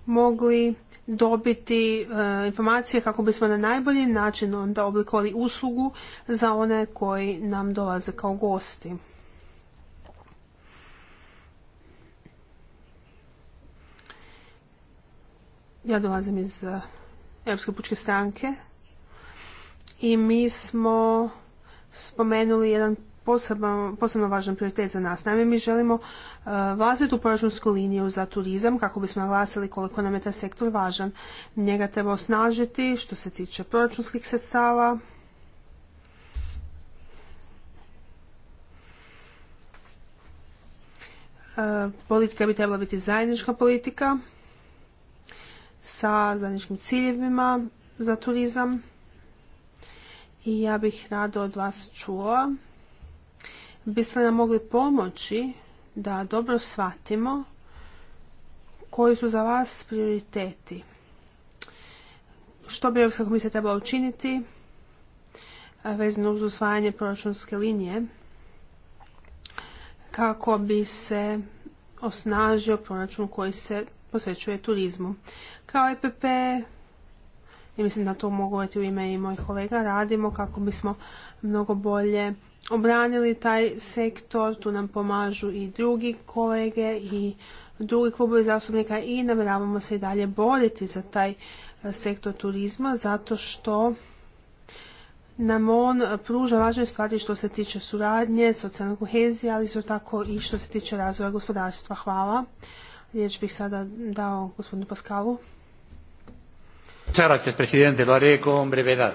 mogli dobiti e, informacije kako bismo na najbolji način onda oblikovali uslugu za one koji nam dolaze kao gosti. Ja dolazim iz e, Europske pučke stranke i mi smo spomenuli jedan Posebno, važan prioritet za nas. Naime, mi želimo uh, e, u proračunsku liniju za turizam kako bismo naglasili koliko nam je taj sektor važan. Njega treba osnažiti što se tiče proračunskih sredstava. E, politika bi trebala biti zajednička politika sa zajedničkim ciljevima za turizam. I ja bih rado od vas čula biste nam mogli pomoći da dobro shvatimo koji su za vas prioriteti. Što bi Europska komisija trebala učiniti e, vezano uz usvajanje proračunske linije kako bi se osnažio proračun koji se posvećuje turizmu. Kao EPP, i mislim da to mogu u ime i mojih kolega, radimo kako bismo mnogo bolje obranili taj sektor, tu nam pomažu i drugi kolege i drugi klubovi zastupnika i namjeravamo se i dalje boriti za taj e, sektor turizma zato što nam on pruža važne stvari što se tiče suradnje, socijalne kohezije, ali isto tako i što se tiče razvoja gospodarstva. Hvala. Riječ bih sada dao gospodinu Paskalu. gracias, Lo haré con brevedad.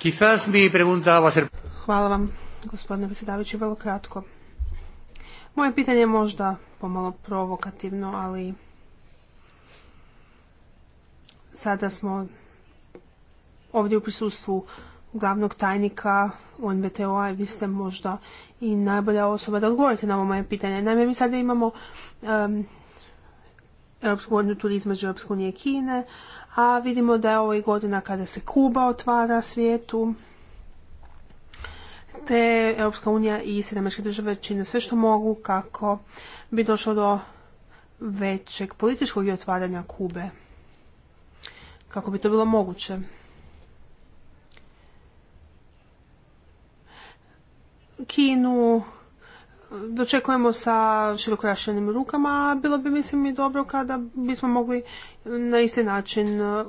Quizás mi Hvala vam, gospodine predsjedavajući, vrlo kratko. Moje pitanje je možda pomalo provokativno, ali sada smo ovdje u prisustvu glavnog tajnika UNBTO-a i vi ste možda i najbolja osoba da odgovorite na ovo moje pitanje. Naime, mi sada imamo Europsku godinu turizma i Europsku unije Kine, a vidimo da je ovo i godina kada se Kuba otvara svijetu te Europska unija i Sjedamečke države čine sve što mogu kako bi došlo do većeg političkog i otvaranja Kube. Kako bi to bilo moguće. Kinu dočekujemo sa raširenim rukama, bilo bi mislim i dobro kada bismo mogli na isti način e,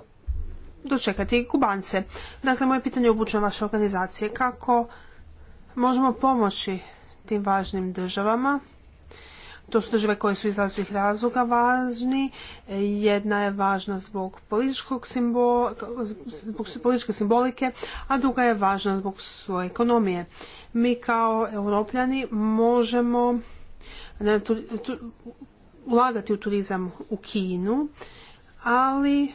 dočekati kubance. Dakle, moje pitanje je obučeno vaše organizacije. Kako možemo pomoći tim važnim državama. To su države koje su iz različitih razloga važni. Jedna je važna zbog zbog političke simbolike, a druga je važna zbog svoje ekonomije. Mi kao europljani možemo ulagati u turizam u Kinu, ali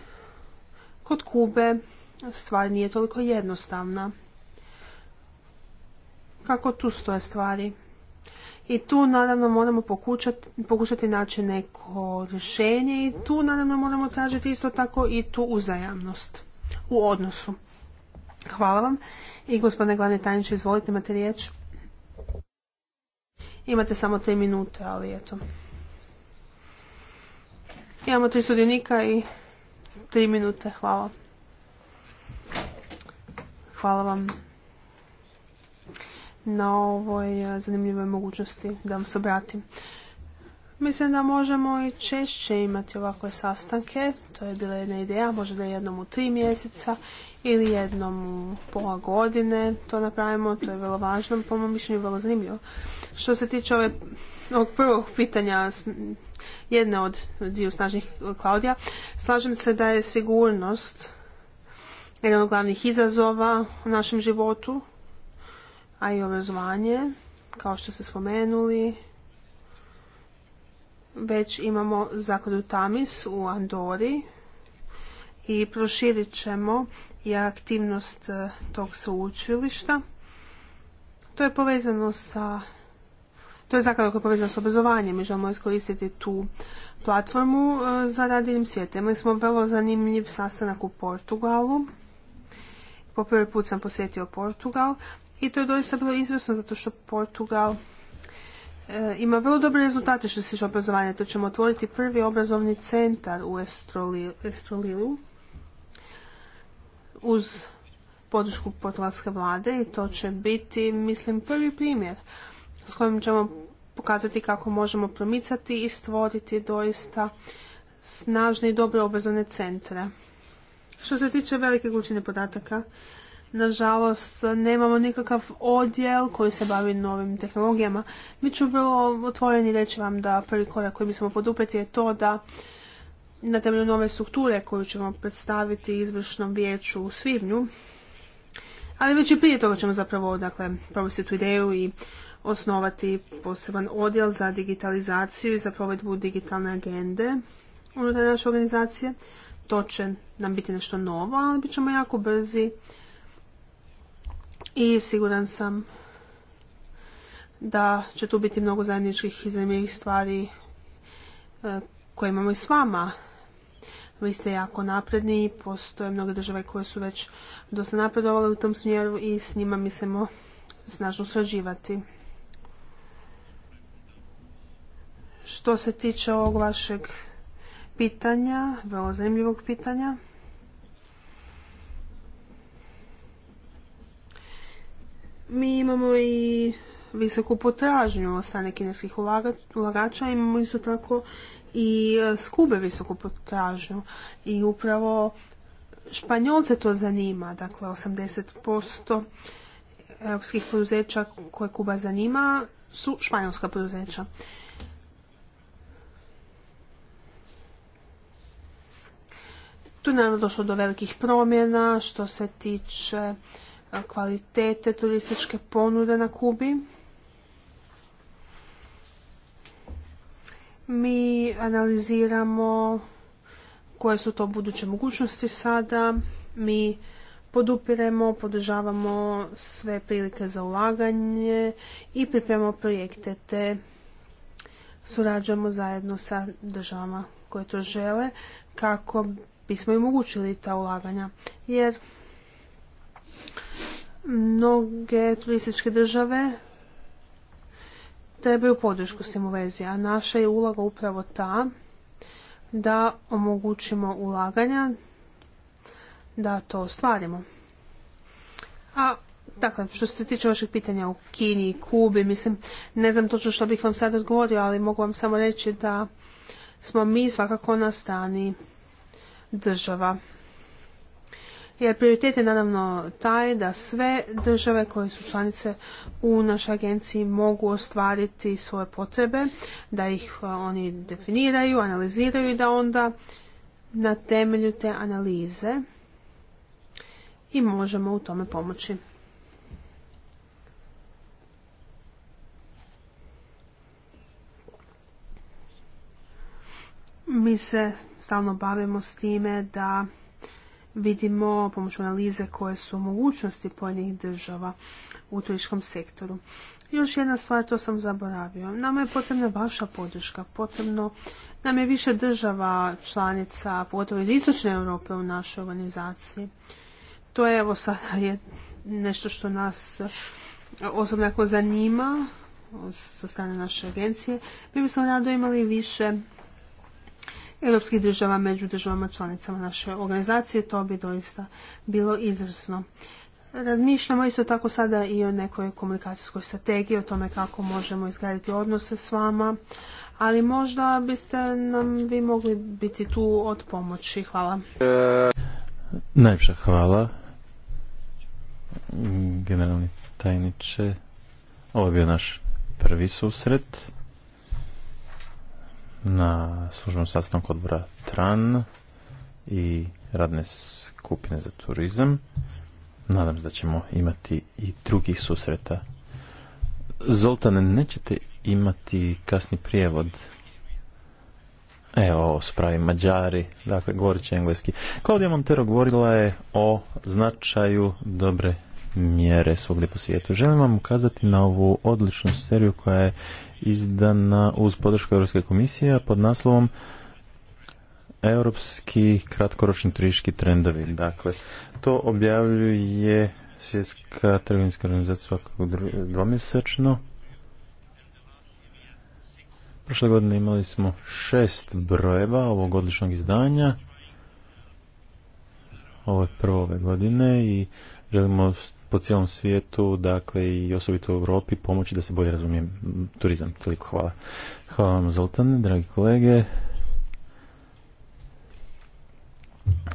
kod Kube stvar nije toliko jednostavna kako tu stoje stvari. I tu naravno moramo pokušati, naći neko rješenje i tu naravno moramo tražiti isto tako i tu uzajamnost u odnosu. Hvala vam. I gospodine glavni tajniče, izvolite, imate riječ. Imate samo tri minute, ali eto. Imamo tri sudionika i tri minute. Hvala. Hvala vam na ovoj e, zanimljivoj mogućnosti da vam se obratim. Mislim da možemo i češće imati ovakve sastanke, to je bila jedna ideja, možda jednom u tri mjeseca ili jednom u pola godine to napravimo, to je vrlo važno, po mojom mišljenju vrlo zanimljivo. Što se tiče ovog prvog pitanja, jedne od dviju snažnih e, Klaudija, slažem se da je sigurnost jedan od glavnih izazova u našem životu, a i obrazovanje, kao što ste spomenuli, već imamo zakladu Tamis u Andori i proširit ćemo i aktivnost e, tog sveučilišta. To je povezano sa to je zaklada koja je povezana s obrazovanjem i želimo iskoristiti tu platformu e, za radinim svijetom. Imali smo vrlo zanimljiv sastanak u Portugalu. Po prvi put sam posjetio Portugal i to je doista bilo izvrsno zato što Portugal e, ima vrlo dobre rezultate što se tiče obrazovanja. To ćemo otvoriti prvi obrazovni centar u Estrolilu, uz podršku portugalske vlade i to će biti, mislim, prvi primjer s kojim ćemo pokazati kako možemo promicati i stvoriti doista snažne i dobre obrazovne centre. Što se tiče velike količine podataka, nažalost nemamo nikakav odjel koji se bavi novim tehnologijama. Mi ću vrlo otvoreni reći vam da prvi korak koji bismo poduprijeti je to da na temelju nove strukture koju ćemo predstaviti izvršnom vijeću u svibnju, ali već i prije toga ćemo zapravo dakle, provesti tu ideju i osnovati poseban odjel za digitalizaciju i za provedbu digitalne agende unutar naše organizacije. To će nam biti nešto novo, ali bit ćemo jako brzi i siguran sam da će tu biti mnogo zajedničkih i zanimljivih stvari e, koje imamo i s vama. Vi ste jako napredni, postoje mnoge države koje su već dosta napredovale u tom smjeru i s njima mislimo snažno surađivati. Što se tiče ovog vašeg pitanja, vrlo zanimljivog pitanja, Mi imamo i visoku potražnju od strane kineskih ulagača, imamo isto tako i e, skube visoku potražnju i upravo Španjolce to zanima, dakle 80% europskih poduzeća koje Kuba zanima su španjolska poduzeća. Tu je naravno došlo do velikih promjena što se tiče kvalitete turističke ponude na Kubi. Mi analiziramo koje su to buduće mogućnosti sada. Mi podupiremo, podržavamo sve prilike za ulaganje i pripremamo projekte te surađujemo zajedno sa državama koje to žele kako bismo im omogućili ta ulaganja. Jer Mnoge turističke države trebaju podršku s tim u vezi, a naša je uloga upravo ta da omogućimo ulaganja, da to ostvarimo. A Dakle, što se tiče vašeg pitanja o Kini i Kubi, mislim, ne znam točno što bih vam sad odgovorio, ali mogu vam samo reći da smo mi svakako na strani država jer prioritet je naravno taj da sve države koje su članice u našoj agenciji mogu ostvariti svoje potrebe, da ih e, oni definiraju, analiziraju i da onda na temelju te analize i možemo u tome pomoći. Mi se stalno bavimo s time da vidimo pomoću analize koje su mogućnosti pojedinih država u turističkom sektoru. Još jedna stvar, to sam zaboravio. Nama je potrebna vaša podrška, potrebno nam je više država članica, pogotovo iz Istočne Europe u našoj organizaciji. To je evo sada nešto što nas osobno zanima sa strane naše agencije. Mi bismo rado imali više europskih država među državama članicama naše organizacije. To bi doista bilo izvrsno. Razmišljamo isto tako sada i o nekoj komunikacijskoj strategiji, o tome kako možemo izgraditi odnose s vama, ali možda biste nam vi mogli biti tu od pomoći. Hvala. Najpša hvala, generalni tajniče. Ovo je bio naš prvi susret na službenom sastanku odbora TRAN i radne skupine za turizam. Nadam se da ćemo imati i drugih susreta. Zoltane, nećete imati kasni prijevod? Evo, spravi mađari, dakle, govorit će engleski. Claudia Montero govorila je o značaju dobre mjere svog po svijetu. Želim vam ukazati na ovu odličnu seriju koja je izdana uz podršku Europske komisije pod naslovom Europski kratkoročni turistički trendovi. Dakle, to objavljuje Svjetska trgovinska organizacija svakog dvomjesečno. Prošle godine imali smo šest brojeva ovog odličnog izdanja. Ovo je prvo ove godine i želimo po cijelom svijetu, dakle i osobito u Europi, pomoći da se bolje razumije turizam. Toliko hvala. Hvala vam Zoltan, dragi kolege.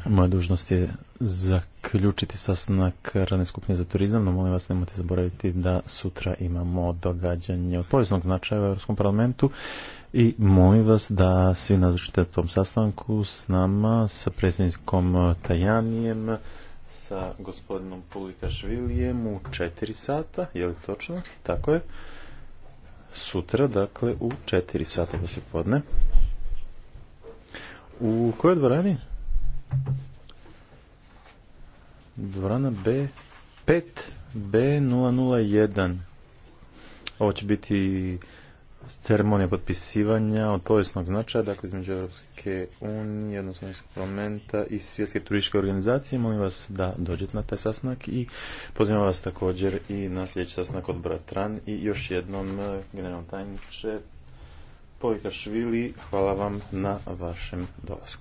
Moja dužnost je zaključiti sastanak radne skupine za turizam, no molim vas nemojte zaboraviti da sutra imamo događanje od povijesnog značaja u Europskom parlamentu i molim vas da svi nazočite tom sastanku s nama, sa predsjednikom Tajanijem, sa gospodinom Pulikašvilijem u 4 sata, je li točno? Tako je. Sutra, dakle, u 4 sata da se podne. U kojoj dvorani? Dvorana B, 5B001. Ovo će biti ceremonija potpisivanja od povijesnog značaja, dakle između Europske unije, odnosno Europskog parlamenta i Svjetske turističke organizacije. Molim vas da dođete na taj sastanak i pozivam vas također i na sljedeći sastanak od Bratran i još jednom eh, generalno tajniče Povika Švili, hvala vam na vašem dolasku.